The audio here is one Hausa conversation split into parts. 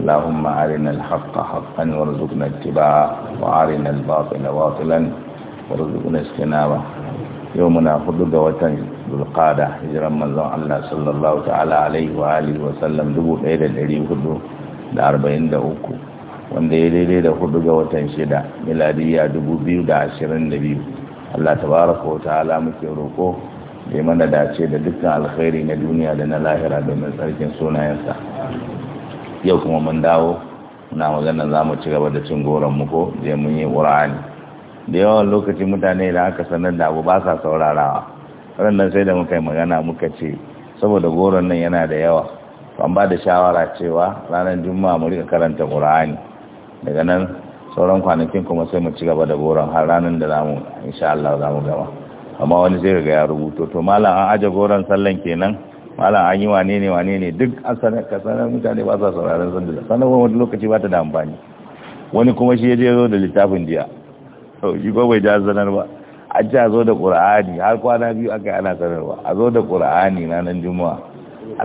اللهم أرنا الحق حقا وارزقنا اتباعه وأرنا الباطل باطلا وارزقنا اجتنابه يومنا خدد وطن بالقادة هجرا من الله صلى الله تعالى عليه وآله وسلم دبو إيد الإيدي خدو da arba'in da uku wanda ya daidai da hudu ga watan shida miladiya dubu biyu da ashirin da biyu Allah tabaraka wa ta'ala muke roko da mana dace da dukkan alkhairi na duniya da na lahira domin tsarkin sunayensa yau kuma mun dawo muna magana za mu ci gaba da cin goron mu ko je mun yi ƙura'ani da yawan lokaci mutane da aka sanar da abu ba sa saurarawa ranar sai da muka yi magana muka ce saboda goron nan yana da yawa an ba da shawara cewa ranar juma'a mu rika karanta ƙura'ani daga nan sauran kwanakin kuma sai mu ci gaba da goron har ranar da zamu insha Allah zamu gama amma wani sai ga ya rubuto to malam an aje goron sallan kenan malam an yi wane ne wane ne duk asanar sanar mutane ba sa sauraron da sanarwar wani lokaci ba ta da amfani wani kuma shi ya je zo da littafin jiya to shi ko bai ja sanar ba a ce a zo da ƙura'ani har kwana biyu aka ana sanarwa a zo da ƙura'ani na nan juma'a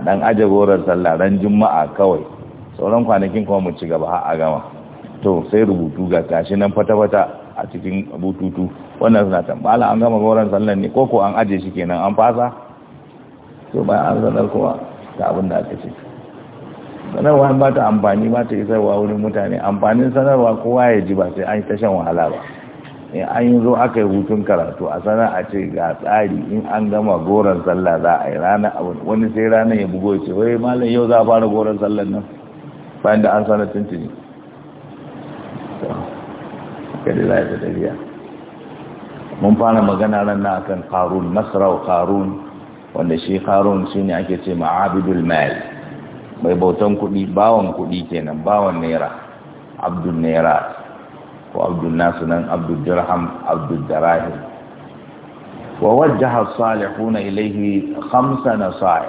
a ɗan aje goron sallah ran juma'a kawai sauran kwanakin kuma mu ci gaba har a gama to sai rubutu ga tashi nan fata-fata a cikin bututu wannan suna tambala an gama goron sallan ne ko ko an aje shi kenan an fasa so ba an sanar kowa ta abin da aka ce sanarwa ba ta amfani ba ta isarwa wurin mutane amfanin sanarwa kowa ya ji ba sai an ta shan wahala ba in an yi zo aka yi hutun karatu a sana a ce ga tsari in an gama goron sallah za a yi rana wani sai ranar ya bugo ce wai malam yau za a fara goron sallah nan bayan da an sanar tuntuni mun fara magana ran na akan karun nasarau karun wanda shi harun shi ne ake ce ma'abidul mal mai bautan kuɗi bawan kudi kenan bawan naira abdul naira ko abdul nasu nan abdul dirham abdul darahim wa wajjaha salihuna ilaihi khamsa nasaih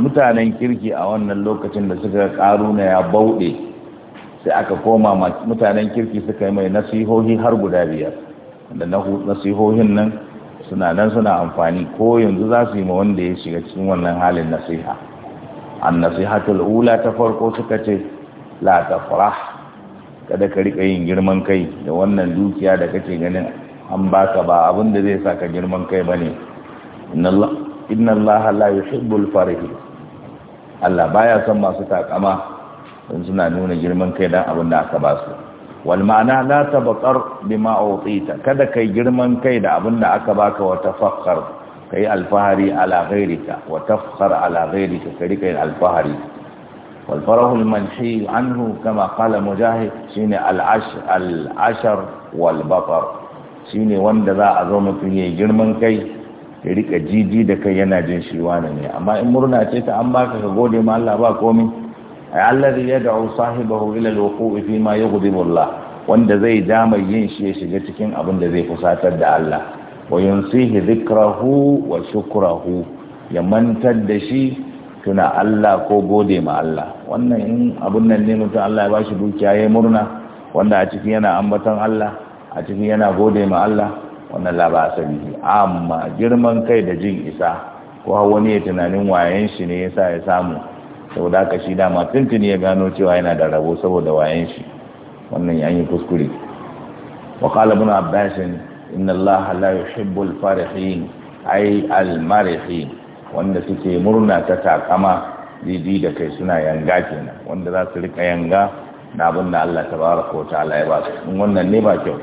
mutanen kirki a wannan lokacin da suka karuna ya bauɗe sai aka koma mutanen kirki suka yi mai nasihohi har guda biyar da nasihohin nan suna nan suna amfani ko yanzu za su yi ma wanda ya shiga cikin wannan halin nasiha an nasiha ula ta farko suka ce la fara kada ka rika yin girman kai da wannan dukiya da kake ganin an baka ba abin da zai saka girman kai ba bane inna allah la yuhibbul farihi Allah baya son masu takama don suna nuna girman kai dan abin da aka ba su walma'ana ma'ana la tabqar bima utita kada kai girman kai da abin da aka baka wata tafakkar kai alfahari ala ghayrika wata tafkhar ala ghayrika kai kai alfahari wal manhi anhu kama qala mujahid shine al ashar shine wanda za a zo mutum yayi girman kai ya rika jiji da kai yana jin shi ne amma in murna ce ta an baka ka gode ma Allah ba komai alladhi yad'u sahibahu ila al-wuqu'i fi ma yughdibu Allah wanda zai ja yin shi ya shiga cikin abin da zai fusatar da Allah wa yunsihi dhikrahu wa shukrahu ya mantar da shi tuna Allah ko gode ma Allah wannan in abun nan ne mutum Allah ya bashi dukiya ya murna wanda a ciki yana ambaton Allah a cikin yana gode ma Allah wannan labasari amma girman kai da jin isa ko wani ya tunanin wayen shi ne yasa ya samu saboda haka shi dama tuntuni ya gano cewa yana da rabo saboda wayan shi wannan yayin kuskure wa qala ibn abbas inna allaha la yuhibbu al farihin ay al marihin wanda suke murna ta takama didi da kai suna yanga kenan wanda za su rika yanga na abin da Allah tabaraka wa ta'ala ya ba su wannan ne ba kyau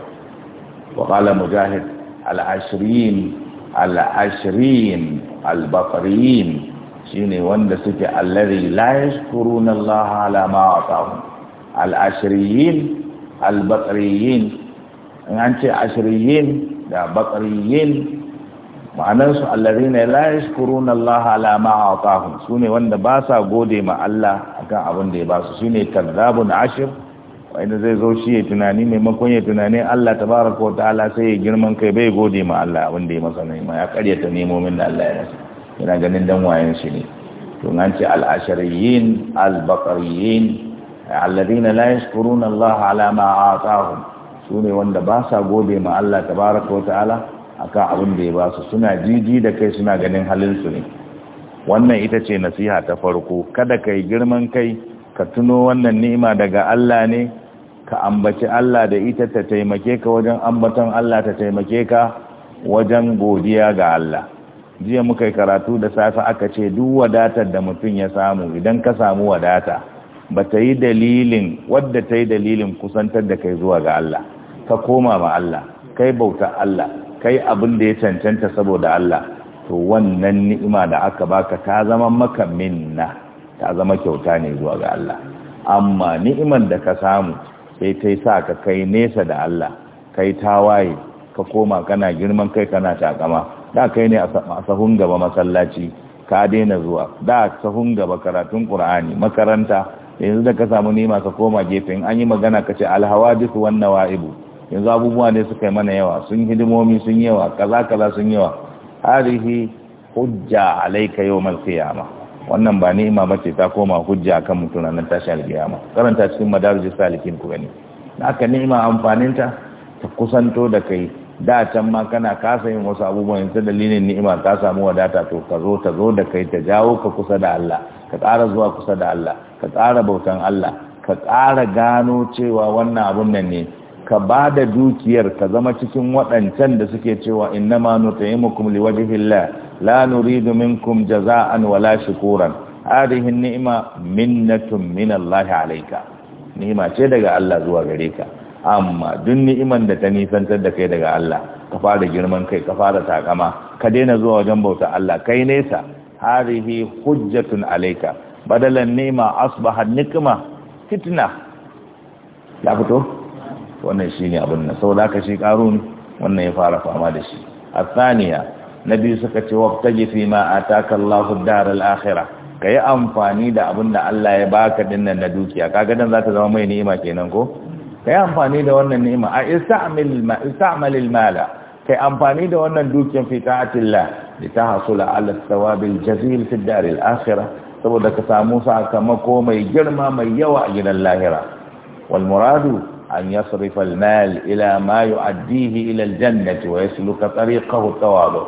wa qala mujahid al ashrin al ashrin al shine wanda suke allari la yashkuruna Allah ala ma atahum al-ashriyin al-batriyin an ce ashriyin da batriyin ma'anar su allari ne la yashkuruna Allah ala ma atahum sune wanda ba sa gode ma Allah akan abin da ya ba su shine kadzabun ashir wanda zai zo shi ya tunani maimakon ya tunani Allah tabaraka wa ta'ala sai ya girman kai bai gode ma Allah abin da ya masa ne ma ya karyata nemomin da Allah ya masa yana ganin dan wayen shi ne to an ce al-ashariyin al-baqariyin alladhina la yashkuruna Allah ala ma ataahum sune wanda ba sa gode ma Allah tabaaraka wa ta'ala akan abin da ya ba su suna jiji da kai suna ganin halin su ne wannan ita ce nasiha ta farko kada kai girman kai ka tuno wannan ni'ima daga Allah ne ka ambaci Allah da ita ta taimake ka wajen ambaton Allah ta taimake ka wajen godiya ga Allah jiya muka yi karatu da safe aka ce duk wadatar da mutum ya samu idan ka samu wadata ba ta yi dalilin wadda ta yi dalilin kusantar da kai zuwa ga Allah ka koma ma Allah kai bauta Allah kai abin da ya cancanta saboda Allah to wannan ni'ima da aka baka ta zama maka minna ta zama kyauta ne zuwa ga Allah amma ni'imar da ka samu sai ta yi sa ka kai nesa da Allah kai tawaye ka koma kana girman kai kana takama da kai ne a sahun gaba masallaci ka daina zuwa da sahun gaba karatun qur'ani makaranta yanzu da ka samu nima ka koma gefen an yi magana ka ce alhawadith wan nawaibu yanzu abubuwa ne suka yi mana yawa sun hidimomi sun yawa kaza kaza sun yawa harihi hujja alayka yawmal qiyamah wannan ba ni'ima mace ta koma hujja kan mutuna nan tashi alkiyama karanta cikin madarijus salikin ku gani haka ni'ima amfaninta ta kusanto da kai da can ma kana kasa yin wasu abubuwan yanzu dalilin ni'ima ka samu wadata to ka zo ta zo da kai ta jawo ka kusa da Allah ka tsara zuwa kusa da Allah ka tsara bautan Allah ka tsara gano cewa wannan abun nan ne ka ba da dukiyar ka zama cikin waɗancan da suke cewa ma nutaimukum liwajhillah la nuridu minkum jaza'an wala shukuran hadhihi ni'ma minnatun min Allah alayka ni'ima ce daga Allah zuwa gare ka amma duk ni'iman da ta nisantar da kai daga Allah ka fara girman kai ka fara takama ka daina zuwa wajen bauta Allah kai nesa harihi hujjatun alaika badalan nema asbaha nikma fitna ya fito wannan shine abin nan saboda ka shi karun wannan ya fara fama da shi Saniya na biyu suka ce wabtaji fi ma ataka Allahu akhira ka yi amfani da abin da Allah ya baka dinnan na dukiya kaga dan zaka zama mai ni'ima kenan ko kai amfani da wannan ni'ima a ista'mal ma al-mala kai amfani da wannan dukiyar fi ta'atillah li tahsula 'ala thawabil jazil fi ad al-akhirah saboda ka samu sakamako mai girma mai yawa a gidan lahira wal muradu an yasrifa al-mal ila ma yu'addihi ila al-jannati wa yasluka tariqahu tawadu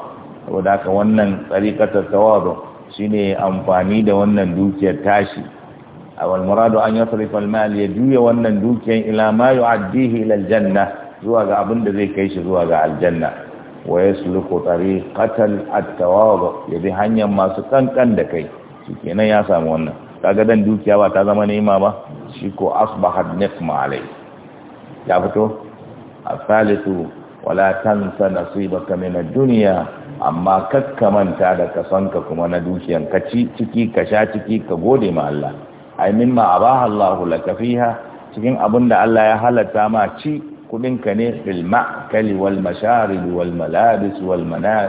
saboda ka wannan tariqatar tawadu shine amfani da wannan dukiyar tashi awal muradu an yasrifa al mal ya juya wannan dukiyan ila ma yu'addihi ila aljanna zuwa ga abin da zai kai shi zuwa ga aljanna wa yasluku tariqatan at-tawadu ya bi hanyar masu kankan da kai shikenan ya samu wannan kaga dan dukiya ba ta zama ni'ima ba shi ko asbahat nikma alai ya fito asalatu wala tansa nasibaka min ad-dunya amma kakkamanta da kasanka kuma na dukiyan ka ci ciki ka sha ciki ka gode ma Allah ai mimma abaha Allah laka fiha cikin abinda Allah ya halatta ma ci kudinka ka ne bil ma'kali wal masharib wal malabis wal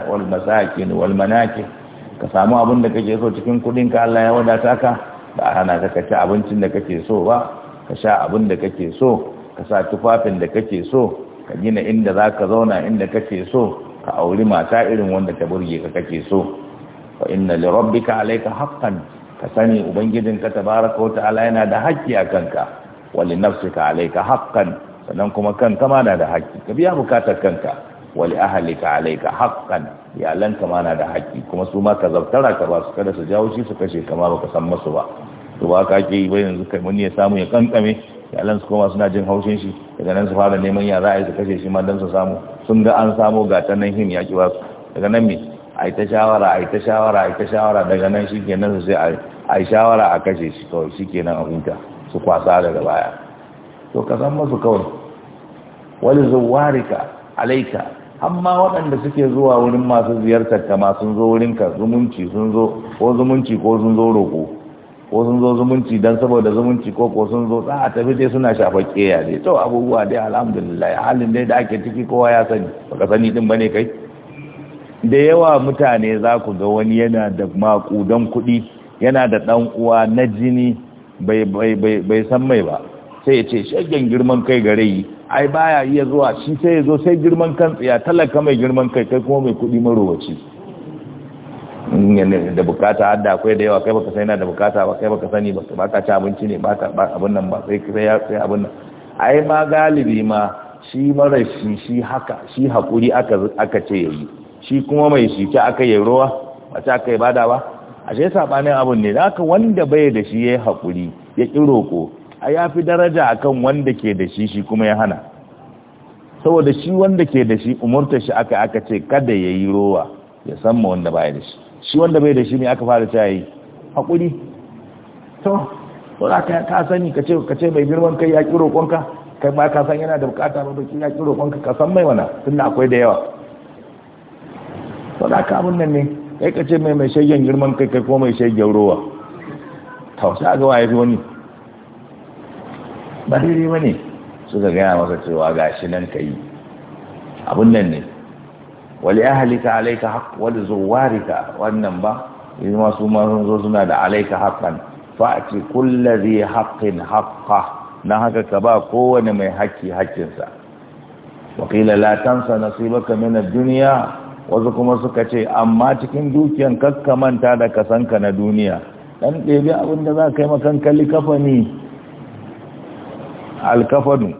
wal masakin wal manaki ka samu abinda kake so cikin kudinka ka Allah ya wadata ka ba ana ka ci abincin da kake so ba ka sha abinda da kake so ka sa tufafin da kake so ka gina inda za ka zauna inda kake so ka auri mata irin wanda ta burge ka kake so fa inna li rabbika alayka haqqan ka sani ubangijinka tabaraka wa ta'ala yana da haƙƙi a kanka wali nafsika alaika haqqan sannan kuma kanka ma na da haƙƙi ka biya bukatar kanka wali ahlika alaika haqqan yalan kama na da haƙƙi kuma su ma ka zabtara ka ba su kada su jawo shi su kashe kama baka san musu ba to ba ka ke ba yanzu kai mun ya samu ya kankame iyalan su koma suna jin haushin shi daga nan su fara neman ya za a yi su kashe shi ma dan su samu sun ga an samu ga ta nan him ya ki ba su daga nan me a yi ta shawara a yi ta shawara a yi ta shawara daga nan shi kenan su sai a yi shawara a kashe shi kawai shi kenan a huta su kwasa daga baya to ka san masu kawai wani zuwarika alaika amma waɗanda suke zuwa wurin masu ziyartar ka sun zo wurin ka zumunci sun zo ko zumunci ko sun zo roƙo ko sun zo zumunci don saboda zumunci ko ko sun zo a tafi dai suna shafa keya dai to abubuwa dai alhamdulillah halin dai da ake ciki kowa ya sani baka sani din bane kai da yawa mutane za ku ga wani yana da makudan kuɗi yana da ɗan uwa na jini bai san mai ba sai ya ce shagen girman kai gare yi ai baya iya zuwa shi sai ya zo sai girman kan ya talaka mai girman kai kai kuma mai kuɗi marowaci da bukata hadda akwai da yawa kai baka sai na da bukata ba kai baka sani ba ka ci abinci ne ba ka abin nan ba sai ya sai abin nan ai ma galibi ma shi mara shi shi haka shi hakuri aka aka ce yayi shi kuma mai shike aka yi ruwa a ce aka yi bada ba a shi sabanin abun ne haka wanda bai da shi ya yi haƙuri ya ƙi roƙo a ya fi daraja akan wanda ke da shi shi kuma ya hana saboda shi wanda ke da shi umurta shi aka aka ce kada ya yi ruwa ya san ma wanda bai da shi shi wanda bai da shi ne aka fara ta yi haƙuri to za ka sani ka ce ka ce mai girman kai ya ƙi roƙonka kai ba ka san yana da bukata ba ki ya ƙi roƙonka ka san mai wana tunda akwai da yawa to da ka abin nan ne kai ka ce mai mai shayyan girman kai kai ko mai shayyan rowa to sai ga waye wani ba dai ba ne suka gaya masa cewa gashi nan kai abin nan ne wali ahlika alayka haqq wa zuwarika wannan ba yanzu masu su zo suna da alaika haqqan fa'ati kulli dhi haqqin haqqah na haka ka ba kowane mai haƙƙi haƙƙinsa wa qila la tansa nasibaka min wasu kuma suka ce amma cikin dukiyan manta da kasanka na duniya dan ɗebi abin da za ka yi makanka likafani alkafanu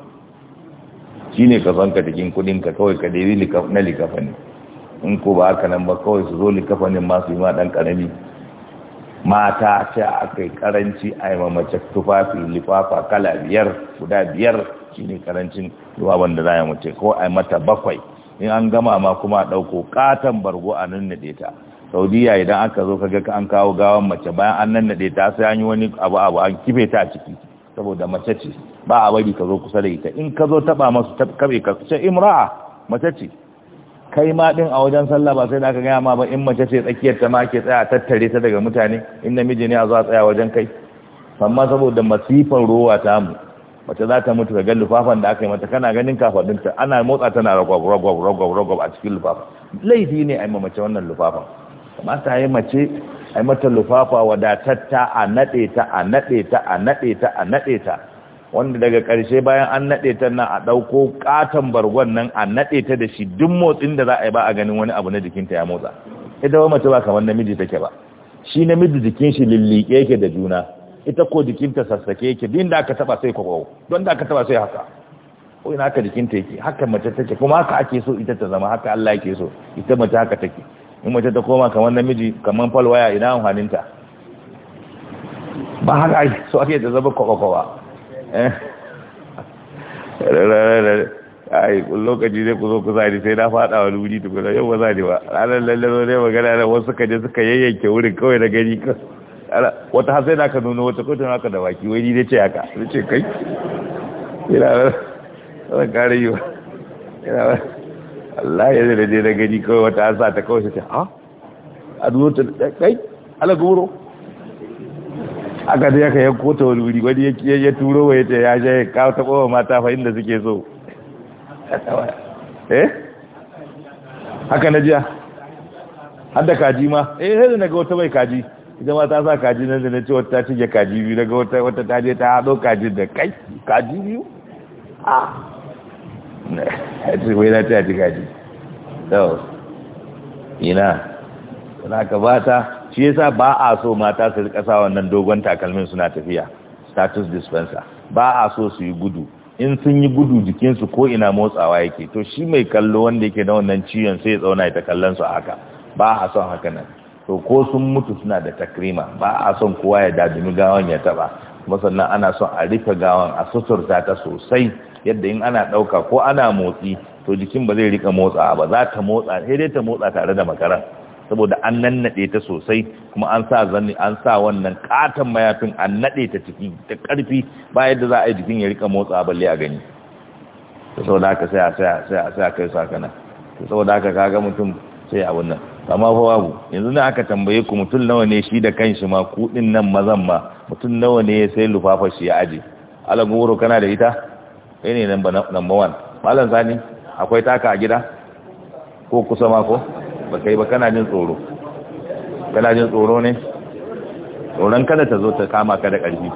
shi ne kasanka cikin kudinka kawai ka ɗebi na likafani in ko ba haka nan ba kawai su zo likafanin masu yi ma ɗan ƙarami mata ce a kai karanci a yi mamace tufafi lifafa kala biyar guda biyar shi ne karancin ruwa wanda za a yi mace ko a yi mata bakwai in an gama ma kuma a ɗauko ƙaton bargo a nannaɗe ta saudiya idan aka zo kaga an kawo gawan mace bayan an nannaɗe ta sai an yi wani abu abu an kife ta ciki saboda mace ce ba a bari ka zo kusa da ita in ka zo taɓa masu kaɓe ka ce imra'a mace ce kai ma ɗin a wajen sallah ba sai da aka gaya ma ba in mace ce tsakiyar ta ma ke tsaya tattare ta daga mutane in namiji ne a za tsaya wajen kai amma saboda masifan rowa ta mu mace za ta mutu ka ga lufafan da aka yi mata kana ganin ta ana motsa tana ragwab ragwab ragwab a cikin lufafa laifi ne a yi mace wannan lufafan kamata ta yi mace a yi mata lufafa wadatatta a naɗe ta a naɗe ta a naɗe ta a naɗe ta wanda daga ƙarshe bayan an naɗe ta nan a ɗauko ƙaton bargon nan a naɗe ta da shi duk motsin da za a yi ba a ganin wani abu na jikinta ya motsa ita ba mace ba kamar namiji take ba shi namiji jikin shi lilliƙe yake da juna ita ko jikinta sassake yake din da aka taba sai kwakwau don da aka taba sai haka ko ina haka jikinta yake haka mace take kuma haka ake so ita ta zama haka Allah yake so ita mace haka take in mace ta koma kamar namiji kamar falwaya ina ta ba haka ake so ake ta zama kwakwawa eh. ai lokaci zai ku zo ku zani sai na fada wani wuri tukuna yau ba ne ba ranar lallar ne magana da wasu kaje suka yayyanke wurin kawai na gani kawai wata hasai na ka nuna wata kotun haka da baki wai ni dai ce haka da ce kai yana wata kare yi wa ina wani Allah ya zai da na gani kawai wata hasa ta kawai ce ha a nuna ta kai ala goro aka da yaka yanko ta wani wuri wani ya turo wa ya ce ya shaye kawo taɓa wa mata fahim da suke so eh haka na jiya har da kaji ma eh yanzu na ga wata mai kaji ita ma ta sa kaji nan da na ce wata ta kaji biyu daga wata ta je ta haɗo kaji da kai kaji biyu a ce wai na ta ji kaji to ina suna ka ba ta shi yasa ba a so mata su rika sa wannan dogon takalmin suna tafiya status dispenser ba a so su yi gudu in sun yi gudu jikinsu ko ina motsawa yake to shi mai kallo wanda yake da wannan ciwon sai ya tsauna ya ta kallon su haka ba a son haka nan to ko sun mutu suna da takrima ba a son kowa ya dajimi gawan ya taba masannan ana son a rufe gawan a suturta ta sosai yadda in ana ɗauka ko ana motsi to jikin ba zai rika motsa ba za ta motsa sai dai ta motsa tare da makaran saboda an nannade ta sosai kuma an sa zanni an sa wannan katon mayafin an naɗe ta ciki ta ƙarfi ba yadda za a yi jikin ya rika motsa balle a gani saboda haka sai a sai a sai a kai sakana saboda haka kaga mutum sai a wannan amma fa babu yanzu ne aka tambaye ku mutum nawa ne shi da kanshi ma din nan mazan ma mutum nawa ne sai lufafa shi ya aje goro kana da ita kai ne number 1 malam sani akwai taka a gida ko kusa ma ko ba kai ba kana jin tsoro kana jin tsoro ne tsoron kada ta zo ta kama ka da karfi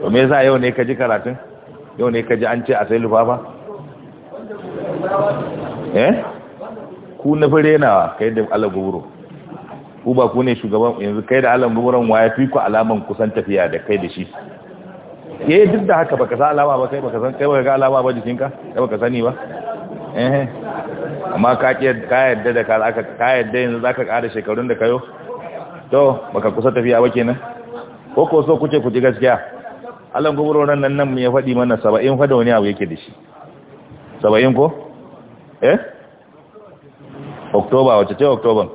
to me yasa yau ne ka ji karatun yau ne ka ji an ce a sai lufafa eh ku na fare na kai da Allah guburo ku ba ku ne shugaban yanzu kai da Allah guburon waya fi ku alaman kusan tafiya da kai da shi ke eh, duk da haka baka sa alama ba kai baka san kai baka ga alama ba jikinka kai baka sani ba eh amma ka ka yadda da ka aka ka yadda yanzu zaka ƙara shekarun da kayo to baka kusa tafiya ba kenan ko ko so kuke ku gaskiya Allah gubaro nan nan ya faɗi mana saba'in fa abu yake da shi saba'in ko eh oktoba wacce ce oktoban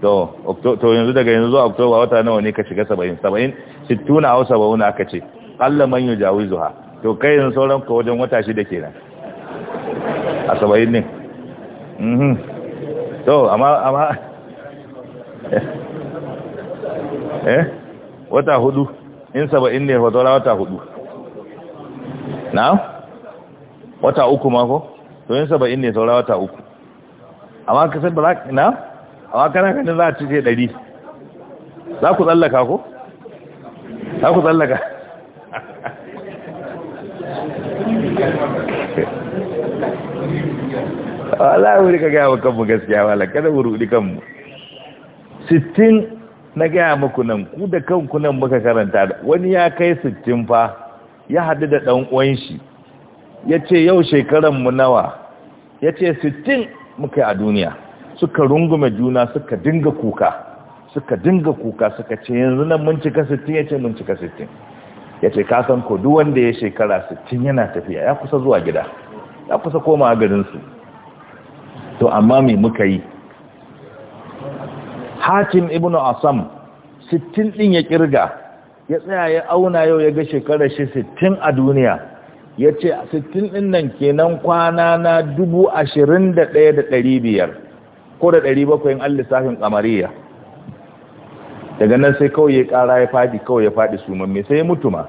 to yanzu daga yanzu zuwa oktoba wata nawa ne ka shiga saba'in saba'in shittuna au saba'una aka ce allah man yi jawi zuha to kai yanzu sauran ka wajen wata shida kenan a saba'in ne mhm. to amma amma eh wata hudu in saba'in ne fatora wata hudu na wata uku mako to in saba'in ne saura wata uku amma ka san ba za na amma kana ganin za a ci ce ɗari za ku tsallaka ko za ku tsallaka wala wuri ka gaya wa gaskiya wala kada wuri wuri kanmu sittin na gaya muku nan ku da kanku nan muka karanta wani ya kai sittin fa ya haɗu da ɗan uwan shi ya ce yau shekaranmu nawa ya ce sittin muka yi a duniya suka rungume juna suka dinga kuka suka dinga kuka suka ce yanzu nan mun cika 60 ya ce mun cika 60 ya ce kasan ko duk wanda ya shekara 60 yana tafiya ya kusa zuwa gida ya kusa koma garinsu to amma me muka yi hatim ibn asam sittin din ya kirga ya tsaya ya auna yau ya ga shekarar shi 60 a duniya ya ce a sittin ɗin nan kenan kwana na dubu ashirin da ɗaya da ɗari biyar ko da ɗari bakwai in an lissafin kamariya daga nan sai kawai ya ƙara ya faɗi kawai ya faɗi mai sai ya mutu ma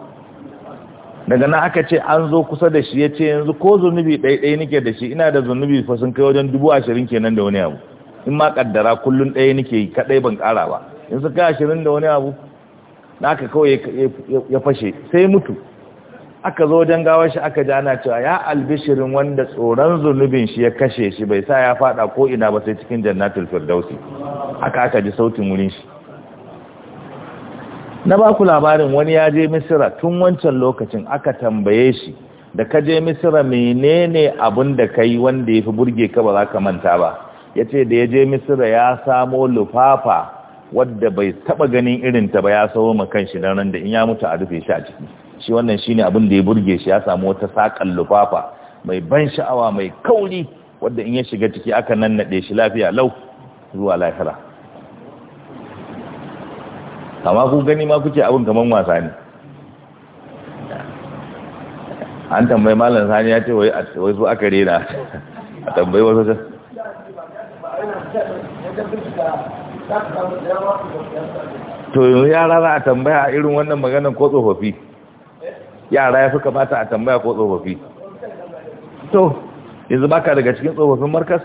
daga nan aka ce an zo kusa da shi ya ce yanzu ko zunubi ɗaiɗai nike da shi ina da zunubi fa sun kai wajen dubu ashirin kenan da wani abu in ma kaddara kullum ɗaya nike kaɗai ban ƙara ba in su kai ashirin da wani abu na aka kawai ya fashe sai mutu aka zo wajen gawar shi aka ji ana cewa ya albishirin wanda tsoron zunubin shi ya kashe shi bai sa ya fada ko ina ba sai cikin jannatul firdausi aka aka ji sautin wurin shi na ba ku labarin wani ya je misira tun wancan lokacin aka tambaye shi da ka je misira menene abin da ka yi wanda ya fi burge ka ba za ka manta ba ya ce da ya je misira ya samo lufafa wadda bai taba ganin irinta ba ya sauwa ma kanshi don da in ya mutu a rufe shi a ciki shi wannan shine abin da ya burge shi ya samu wata sakan lufafa mai ban sha'awa mai kauri wanda in ya shiga ciki aka nannade shi lafiya lau zuwa lahira amma ku gani ma kuke abin kaman wasa ne an tambayi malam sani ya ce wai wai su aka rena a tambayi wasu ta to yara za a tambaya irin wannan maganar ko tsofaffi yara ya fi kamata a tambaya ko tsofaffi to yanzu baka daga cikin tsofaffin markas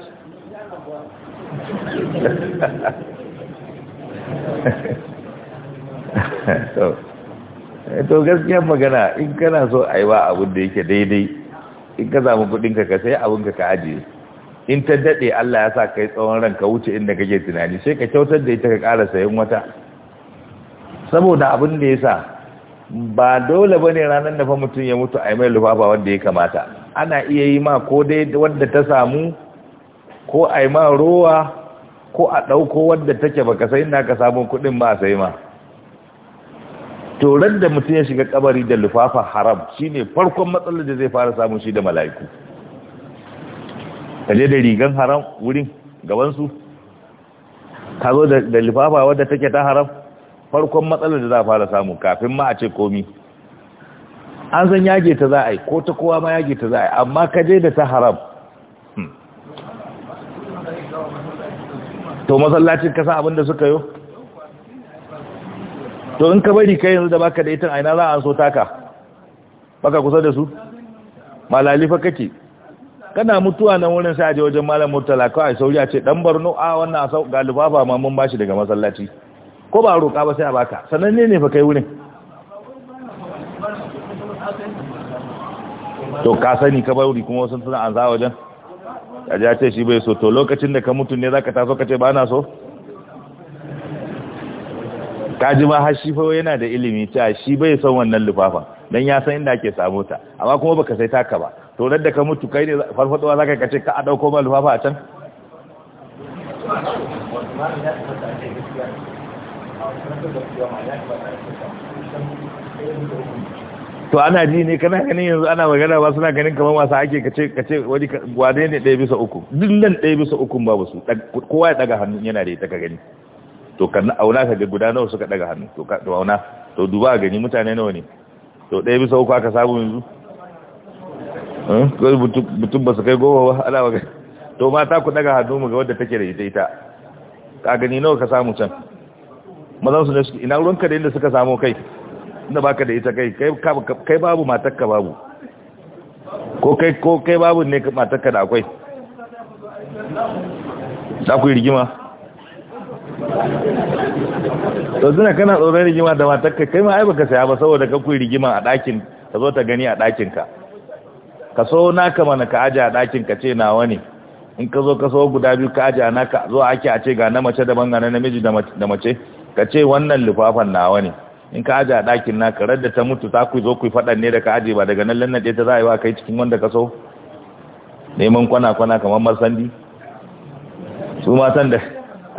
to gaskiya magana in kana so a yi ba abin da yake daidai in ka zama kudinka ka sai abin ka ajiye in ta daɗe Allah ya sa kai tsawon ranka wuce inda kake tunani sai ka kyautar da ita ka ƙara sayan wata saboda abin da ya sa ba dole ba ne ranar da fa mutum ya mutu a yi mai lufafa wanda ya kamata ana iya yi ma ko dai wadda ta samu ko a yi ma rowa ko a ɗauko wadda take baka sai na ka samun kuɗin a sai ma toron da mutum ya shiga kabari da lufafa haram shine farkon matsalar da zai fara samun shi da mala'iku kaje da rigan haram wurin gabansu ka zo da lufafa wadda take ta haram farkon matsalar da za a fara samu kafin ma a ce komi an san yage ta za a yi ko ta kowa ma yage ta za a yi amma ka je da ta haram hmm. to masallacin ka san abin da suka yi to in ka bari kai yanzu da baka da ita a ina za a so taka baka kusa da su malalifa kake kana mutuwa nan wurin sai a je wajen malam murtala kawai sauri a ce dan barno a wannan a sau galifa ba ma mun bashi daga masallaci ko ba roƙa ba sai a baka sannan ne ne fa kai wurin to ka sani ka bauri kuma wasu suna an za wajen a ji ce shi bai so to lokacin da ka mutu ne za ka taso ka ce ba na so ka ji ma har shifo fa yana da ilimi ta shi bai son wannan lufafa don ya san inda ake samu ta amma kuma baka sai taka ba to da ka mutu kai ne farfadowa ka kace ka a ɗauko ma lufafa a can to ana ji ne kana ganin yanzu ana magana ba suna ganin kamar wasa ake kace kace wani wane ne ɗaya bisa uku duk nan ɗaya bisa uku babu su kowa ya daga hannu yana da ita ka gani to kan auna ka ga guda nawa suka daga hannu to ka to auna to duba gani mutane nawa ne to ɗaya bisa uku aka samu yanzu eh mutum ba su kai goma ba ana magana to mata ku daga hannu mu ga wadda take da ita ita ka gani nawa ka samu can mazan su ne su ina ruwanka da inda suka samu kai inda baka da ita kai kai babu matakka babu ko kai ko kai babu ne matakka da akwai da ku rigima to zina kana tsoron rigima da matakka kai ma ai baka saya ba saboda ka ku rigima a ɗakin ka zo ta gani a dakin ka ka so naka mana ka aje a dakin ka ce nawa ne in ka zo ka so guda biyu ka aje a naka zo ake a ce ga na mace daban ga na namiji da mace ka ce wannan lufafan nawa ne in ka aje a ɗakin na, ka radda ta mutu ta ku zo ku faɗan ne da ka aje ba daga nan lannaɗe ta za a yi wa kai cikin wanda ka so neman kwana-kwana kamar marsandi su matan da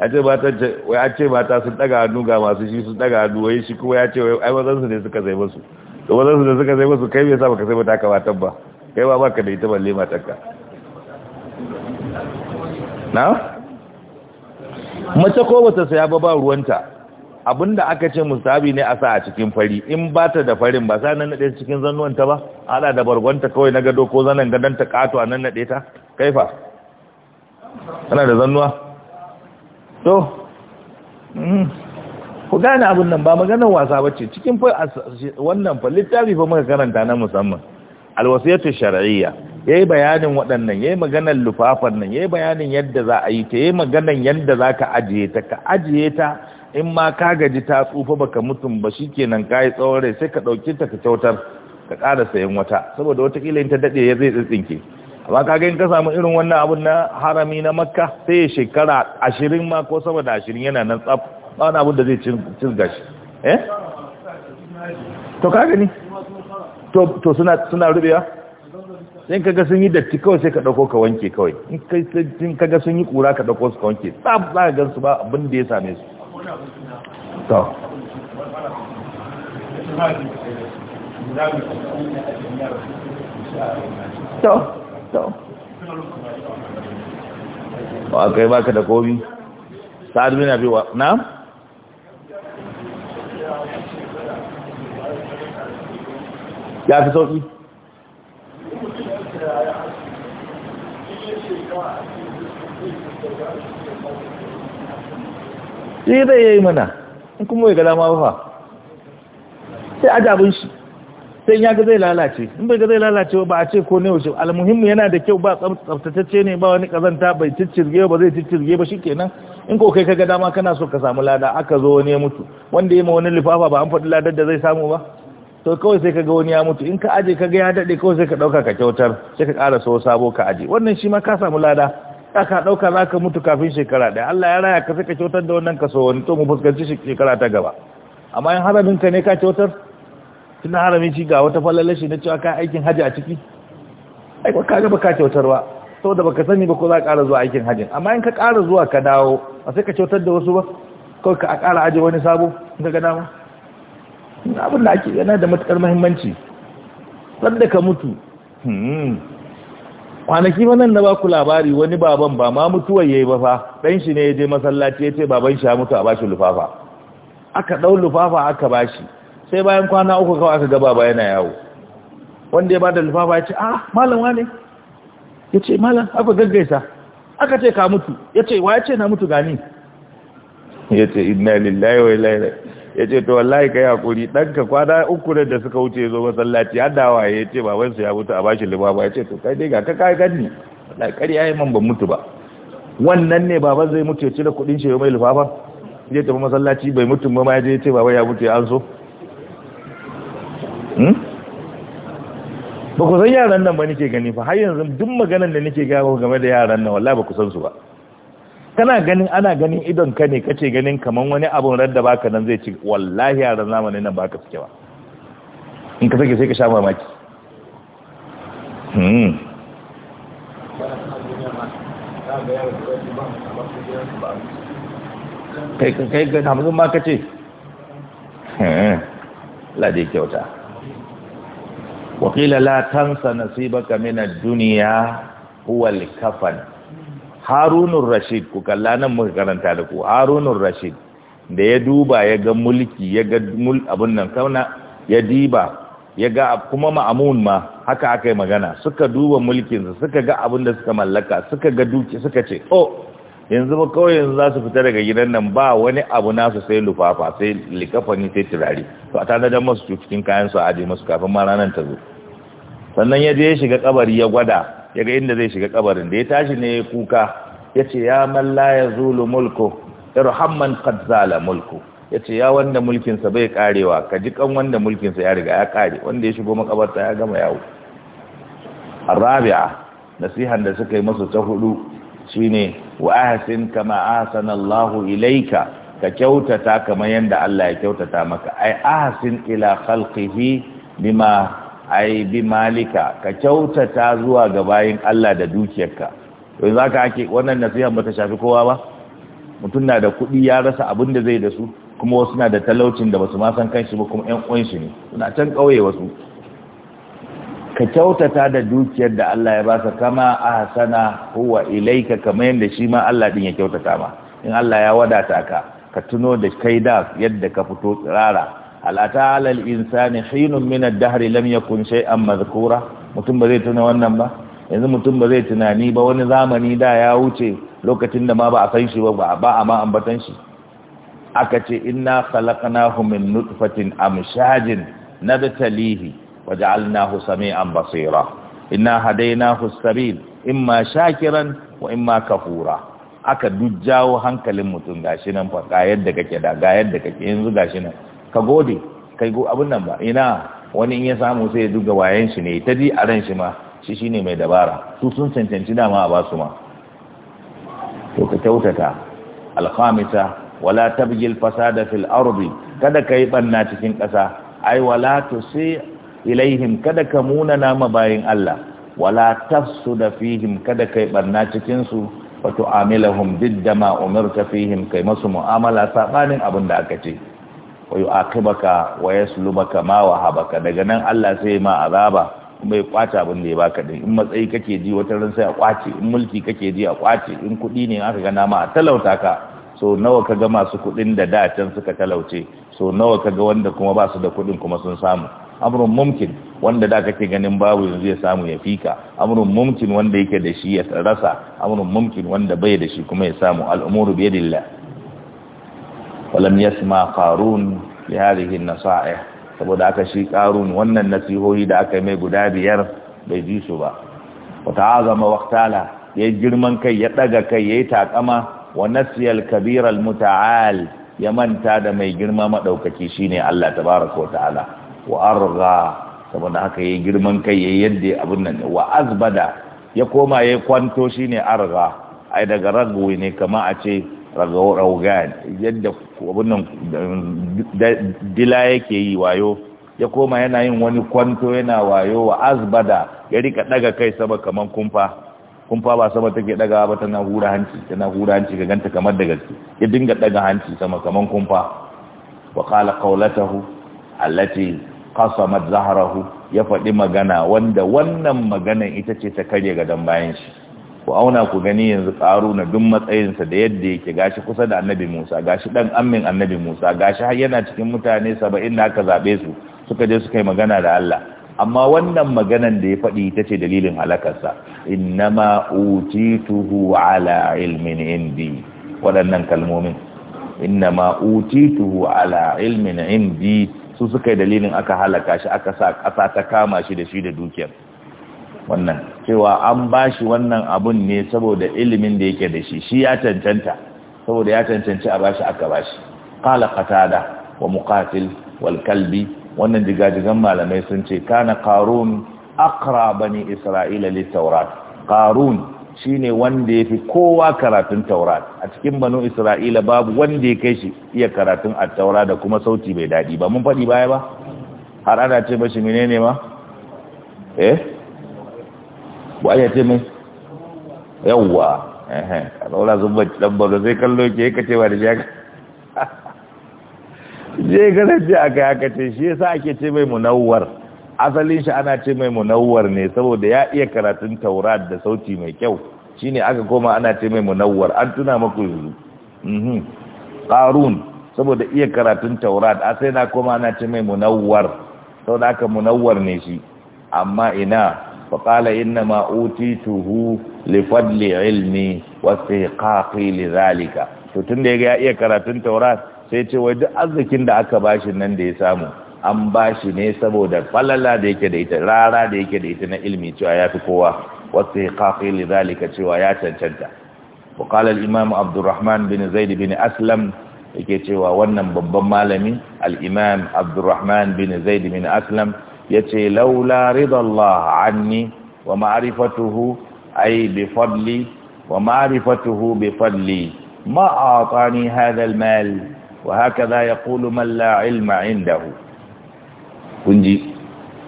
a ce ba ta wai a ce mata sun ɗaga hannu ga masu shi sun ɗaga hannu wai shi kuma ya ce wai ai mazansu ne suka zai masu to mazansu ne suka zai masu kai bai sa ka sai mata kamatan ba kai ba ka da ita balle matanka na mace ko bata saya ba ba ruwanta abinda aka ce musabi ne a sa a cikin fari in ba ta da farin ba sai nan nade cikin zannuwan ta ba ala da bargonta kawai na gado ko zanen gadan ta kato a nan nade ta kaifa ana da zannuwa to mm, ku gane abin nan ba maganar wasa bace cikin fa wannan fa littafi fa muka karanta na musamman alwasiyatu shar'iyya yayi bayanin waɗannan yayi maganar lufafan nan yayi bayanin yadda za a yi ta yayi maganar yadda zaka ajiye ta ka ajiye ta in ma ka gaji ta tsufa baka mutum ba ka yi tsawon sai ka ɗauki ta ka kyautar ka ƙara sayan wata saboda watakila in ta daɗe ya zai tsitsinke amma kaga in ka samu irin wannan abun na harami na makka sai ya shekara ashirin ma ko sama da ashirin yana nan tsaf ba wani abun da zai cin shi eh to ka gani to suna suna rubewa sai ga sun yi datti kawai sai ka ɗauko ka wanke kawai in ka ga sun yi kura ka ɗauko su ka wanke tsaf za ka gan su ba abin da ya same su to to to ba kai baka da komi sa'ad bin abi wa ya fi sauki shi zai yi mana in kuma ya ga dama ba sai aji shi sai ya ga zai lalace in bai ga zai lalace ba a ce ko ne wuce almuhimmi yana da kyau ba tsabtatacce ne ba wani kazanta bai ciccirge ba zai ciccirge ba shikenan in ko kai kaga dama kana so ka samu lada aka zo wani ya mutu wanda ya ma wani lifafa ba an faɗi ladar da zai samu ba to kawai sai kaga wani ya mutu in ka aje kaga ya daɗe kawai sai ka ɗauka ka kyautar sai ka ƙara so sabo ka aje wannan shi ma ka samu lada aka ɗauka za ka mutu kafin shekara ɗaya Allah ya raya ka sai ka kyautar da wannan kaso wani to mu fuskanci shekara ta gaba amma in haramin ka ne ka kyautar tun haramin shi ga wata falalar shi na cewa ka aikin hajji a ciki Aiko ka gaba ka cutar ba da baka sani ba ko za ka ƙara zuwa aikin hajjin amma in ka ƙara zuwa ka dawo a sai ka kyautar da wasu ba kawai ka ƙara aje wani sabo in ka ga abin da ake yana da matuƙar muhimmanci sanda ka mutu hmm, kwanaki ba nan na ba ku labari wani baban ba ma mutuwar yayi ba fa dan shi ne ya je masallaci ya ce baban shi ya mutu a bashi lufafa aka dau lufafa aka bashi sai bayan kwana uku kawai aka ga baba yana yawo wanda ya bada lufafa ya ce ah malam wane ya ce malam aka gaggaisa aka ce ka mutu ya ce wa ya ce na mutu gani ya ce inna lillahi wa ilaihi ya ce to wallahi ka yakuri ɗanka kwana uku da suka wuce zo masallaci har dawa ya ce babansa ya mutu a bashi limama ya ce to kai dai ga ka kai ganni wallahi ƙarya yi man ban mutu ba wannan ne baban zai mutu ya cire kuɗin shi ya mai lifafa ya tafi masallaci bai mutu ba ma ya je ya ce baba ya mutu ya an so hmm? ba ku san yaran nan ba nake gani fa har yanzu duk maganar da nake gawo game da yaran nan wallahi ba ku san su ba kana ganin ana ganin idon ka ne kace ganin kaman wani abun radda baka nan zai ci wallahi ran zamanin nan baka fike ba in ka sake sai ka sha mamaki hmm kai kai kai ga namu ma kace hmm. lade kyauta qila la tansa nasibaka min ad-dunya huwa al-kafan harunun rashid ku kalla nan muka karanta da ku harunun rashid da ya duba ya ga mulki ya ga abun nan kauna ya diba ya ga kuma ma'amun ma haka aka yi magana suka duba mulkinsa suka ga abin da suka mallaka suka ga duki suka ce oh yanzu ba kawai yanzu za su fita daga gidan nan ba wani abu nasu sai lufafa sai likafani sai turare to a tanadar masu cikin kayan su a aje masu kafin ma ranar ta zo sannan ya je ya shiga kabari ya gwada ya ga inda zai shiga kabarin da ya tashi ne kuka yace ce ya malla ya zulu mulku ya man qad zala mulku ya ya wanda mulkinsa bai karewa ka ji kan wanda mulkinsa ya riga ya kare wanda ya shigo makabarta ya gama yawo arabi'a nasihan da suka yi masa ta hudu shine wa ahsin kama ahsana Allahu ilaika ka kyautata kamar yadda Allah ya kyautata maka ai ahsin ila khalqihi bima ai bi malika ka kyautata zuwa ga bayin Allah da dukiyarka to za ka ake wannan nasiha ba ta shafi kowa ba mutum na da kuɗi ya rasa abin da zai da su kuma wasu na da talaucin da basu ma san kanshi ba kuma ƴan uwan shi ne suna can ƙauye wasu ka kyautata da dukiyar da Allah ya baka kama ahsana huwa ilaika kamar yadda shi ma Allah din ya kyautata ma in Allah ya wadata ka ka tuno da kai da yadda ka fito tsirara al'ata alal insani hinun min ad-dahr lam yakun shay'an madhkura mutum ba zai tuna wannan ba yanzu mutum ba zai tunani ba wani zamani da ya wuce lokacin da ma ba a san shi ba ba a ma ambatan shi aka ce inna khalaqnahu min nutfatin amshajin nabtalihi waja'alnahu sami'an basira inna hadaynahu as-sabil imma shakiran wa imma kafura aka dujjawo hankalin mutum gashi nan fa ga yadda kake da ga yadda kake yanzu gashi nan ka gode kai go abin nan ba ina wani in ya samu sai ya duga wayan shi ne ta ji a ran shi ma shi shine mai dabara su sun cancanci dama a basu ma to ka kyautata alkhamisa wala tabgil fasada fil ardi kada kai banna cikin ƙasa ai wala tusi ilaihim kada ka muna nama bayin Allah wala da fihim kada kai barna cikin su wato amilahum didda ma umirta fihim kai masu mu'amala sabanin abin da aka ce wa yu'aqibaka wa yaslubaka ma wahabaka daga nan Allah sai ma azaba kuma ya kwace abin da ya baka din in matsayi kake ji wata ran sai a kwace in mulki kake ji a kwace in kuɗi ne aka ga nama a talauta ka so nawa ka ga masu kuɗin da da can suka talauce so nawa ka ga wanda kuma ba su da kuɗin kuma sun samu amrun mumkin wanda da kake ganin babu yanzu ya samu ya fika amrun mumkin wanda yake da shi ya rasa amrun mumkin wanda bai da shi kuma ya samu al'umuru biyadillah walam yasma qarun li hadhihi an-nasa'i saboda aka shi qarun wannan nasihohi da aka mai guda biyar bai ji su ba wa ta'azama waqtala ya girman kai ya daga kai yayi takama wa nasiyal kabir al-muta'al ya manta da mai girma madaukaki shine Allah tabaaraka wa ta'ala wa argha saboda aka yayi girman kai yayi yadda abun nan wa azbada ya koma ya kwanto shi ne arga ai daga ragwi ne kama a ce ragaugan yadda abin dila yake yi wayo ya koma yana yin wani kwanto yana wayo wa azbada ya rika daga kai sama kamar kumfa kumfa ba sama take daga ba tana hura hanci tana hura hanci ga ganta kamar da gaske ya dinga daga hanci sama kamar kumfa wa qala qawlatahu allati qasamat zahrahu ya faɗi magana wanda wannan magana ita ce ta karye ga dan bayan shi ku auna ku gani yanzu na duk matsayinsa da yadda yake gashi kusa da annabi musa gashi ɗan ammin annabi musa gashi har yana cikin mutane saba'in da aka zaɓe su suka je suka yi magana da allah amma wannan maganar da ya faɗi ita ce dalilin halakarsa innama utituhu ala ilmin indi waɗannan kalmomin innama utituhu ala ilmin indi su suka yi dalilin aka halaka shi aka sa ƙasa ta kama shi da shi da dukiyar wannan cewa an bashi wannan abun ne saboda ilimin da yake da shi shi ya cancanta saboda ya cancanci a bashi aka bashi qala qatada wa muqatil wal kalbi wannan jigajigan malamai sun ce kana qarun aqra bani isra'ila lit tawrat qarun shine wanda ya fi kowa karatun taurat a cikin banu isra'ila babu wanda ya kai shi iya karatun at-taura da kuma sauti bai daɗi. ba mun faɗi baya ba har ana ce mashi menene ma eh bu ya ce mai yawwa ehem a zaura zubar ɗanbaro sai kallo ke ka ce ba da shaka je kasance a aka aka ce shi yasa ake ce mai munawwar asalin shi ana ce mai munawwar ne saboda ya iya karatun taurat da sauti mai kyau shine aka koma ana ce mai munawwar an tuna maku yanzu mhm. qarun saboda iya karatun taurat a sai na koma ana ce mai munawwar sau da aka munawwar ne shi amma ina فقال إنما أوتيته لفضل علمي واستحقاقي لذلك tun da ya iya karatun taurat sai ce wai duk arzikin da aka bashi nan da ya samu an bashi ne saboda falala da yake da ita rara da yake da ita na ilmi cewa ya fi kowa wasu ya kafi lidhalika cewa ya cancanta bukalar imam abdurrahman bin zaid bin aslam yake cewa wannan babban malami al-imam abdurrahman bin zaid bin aslam Ya ce laula ridallah anni wa ma'rifatuhu ai bi fadli wa ma'rifatuhu bi fadli ma a tsani hadal mal. wa haka hakaza yaqulu man la ilma inda hu? kunji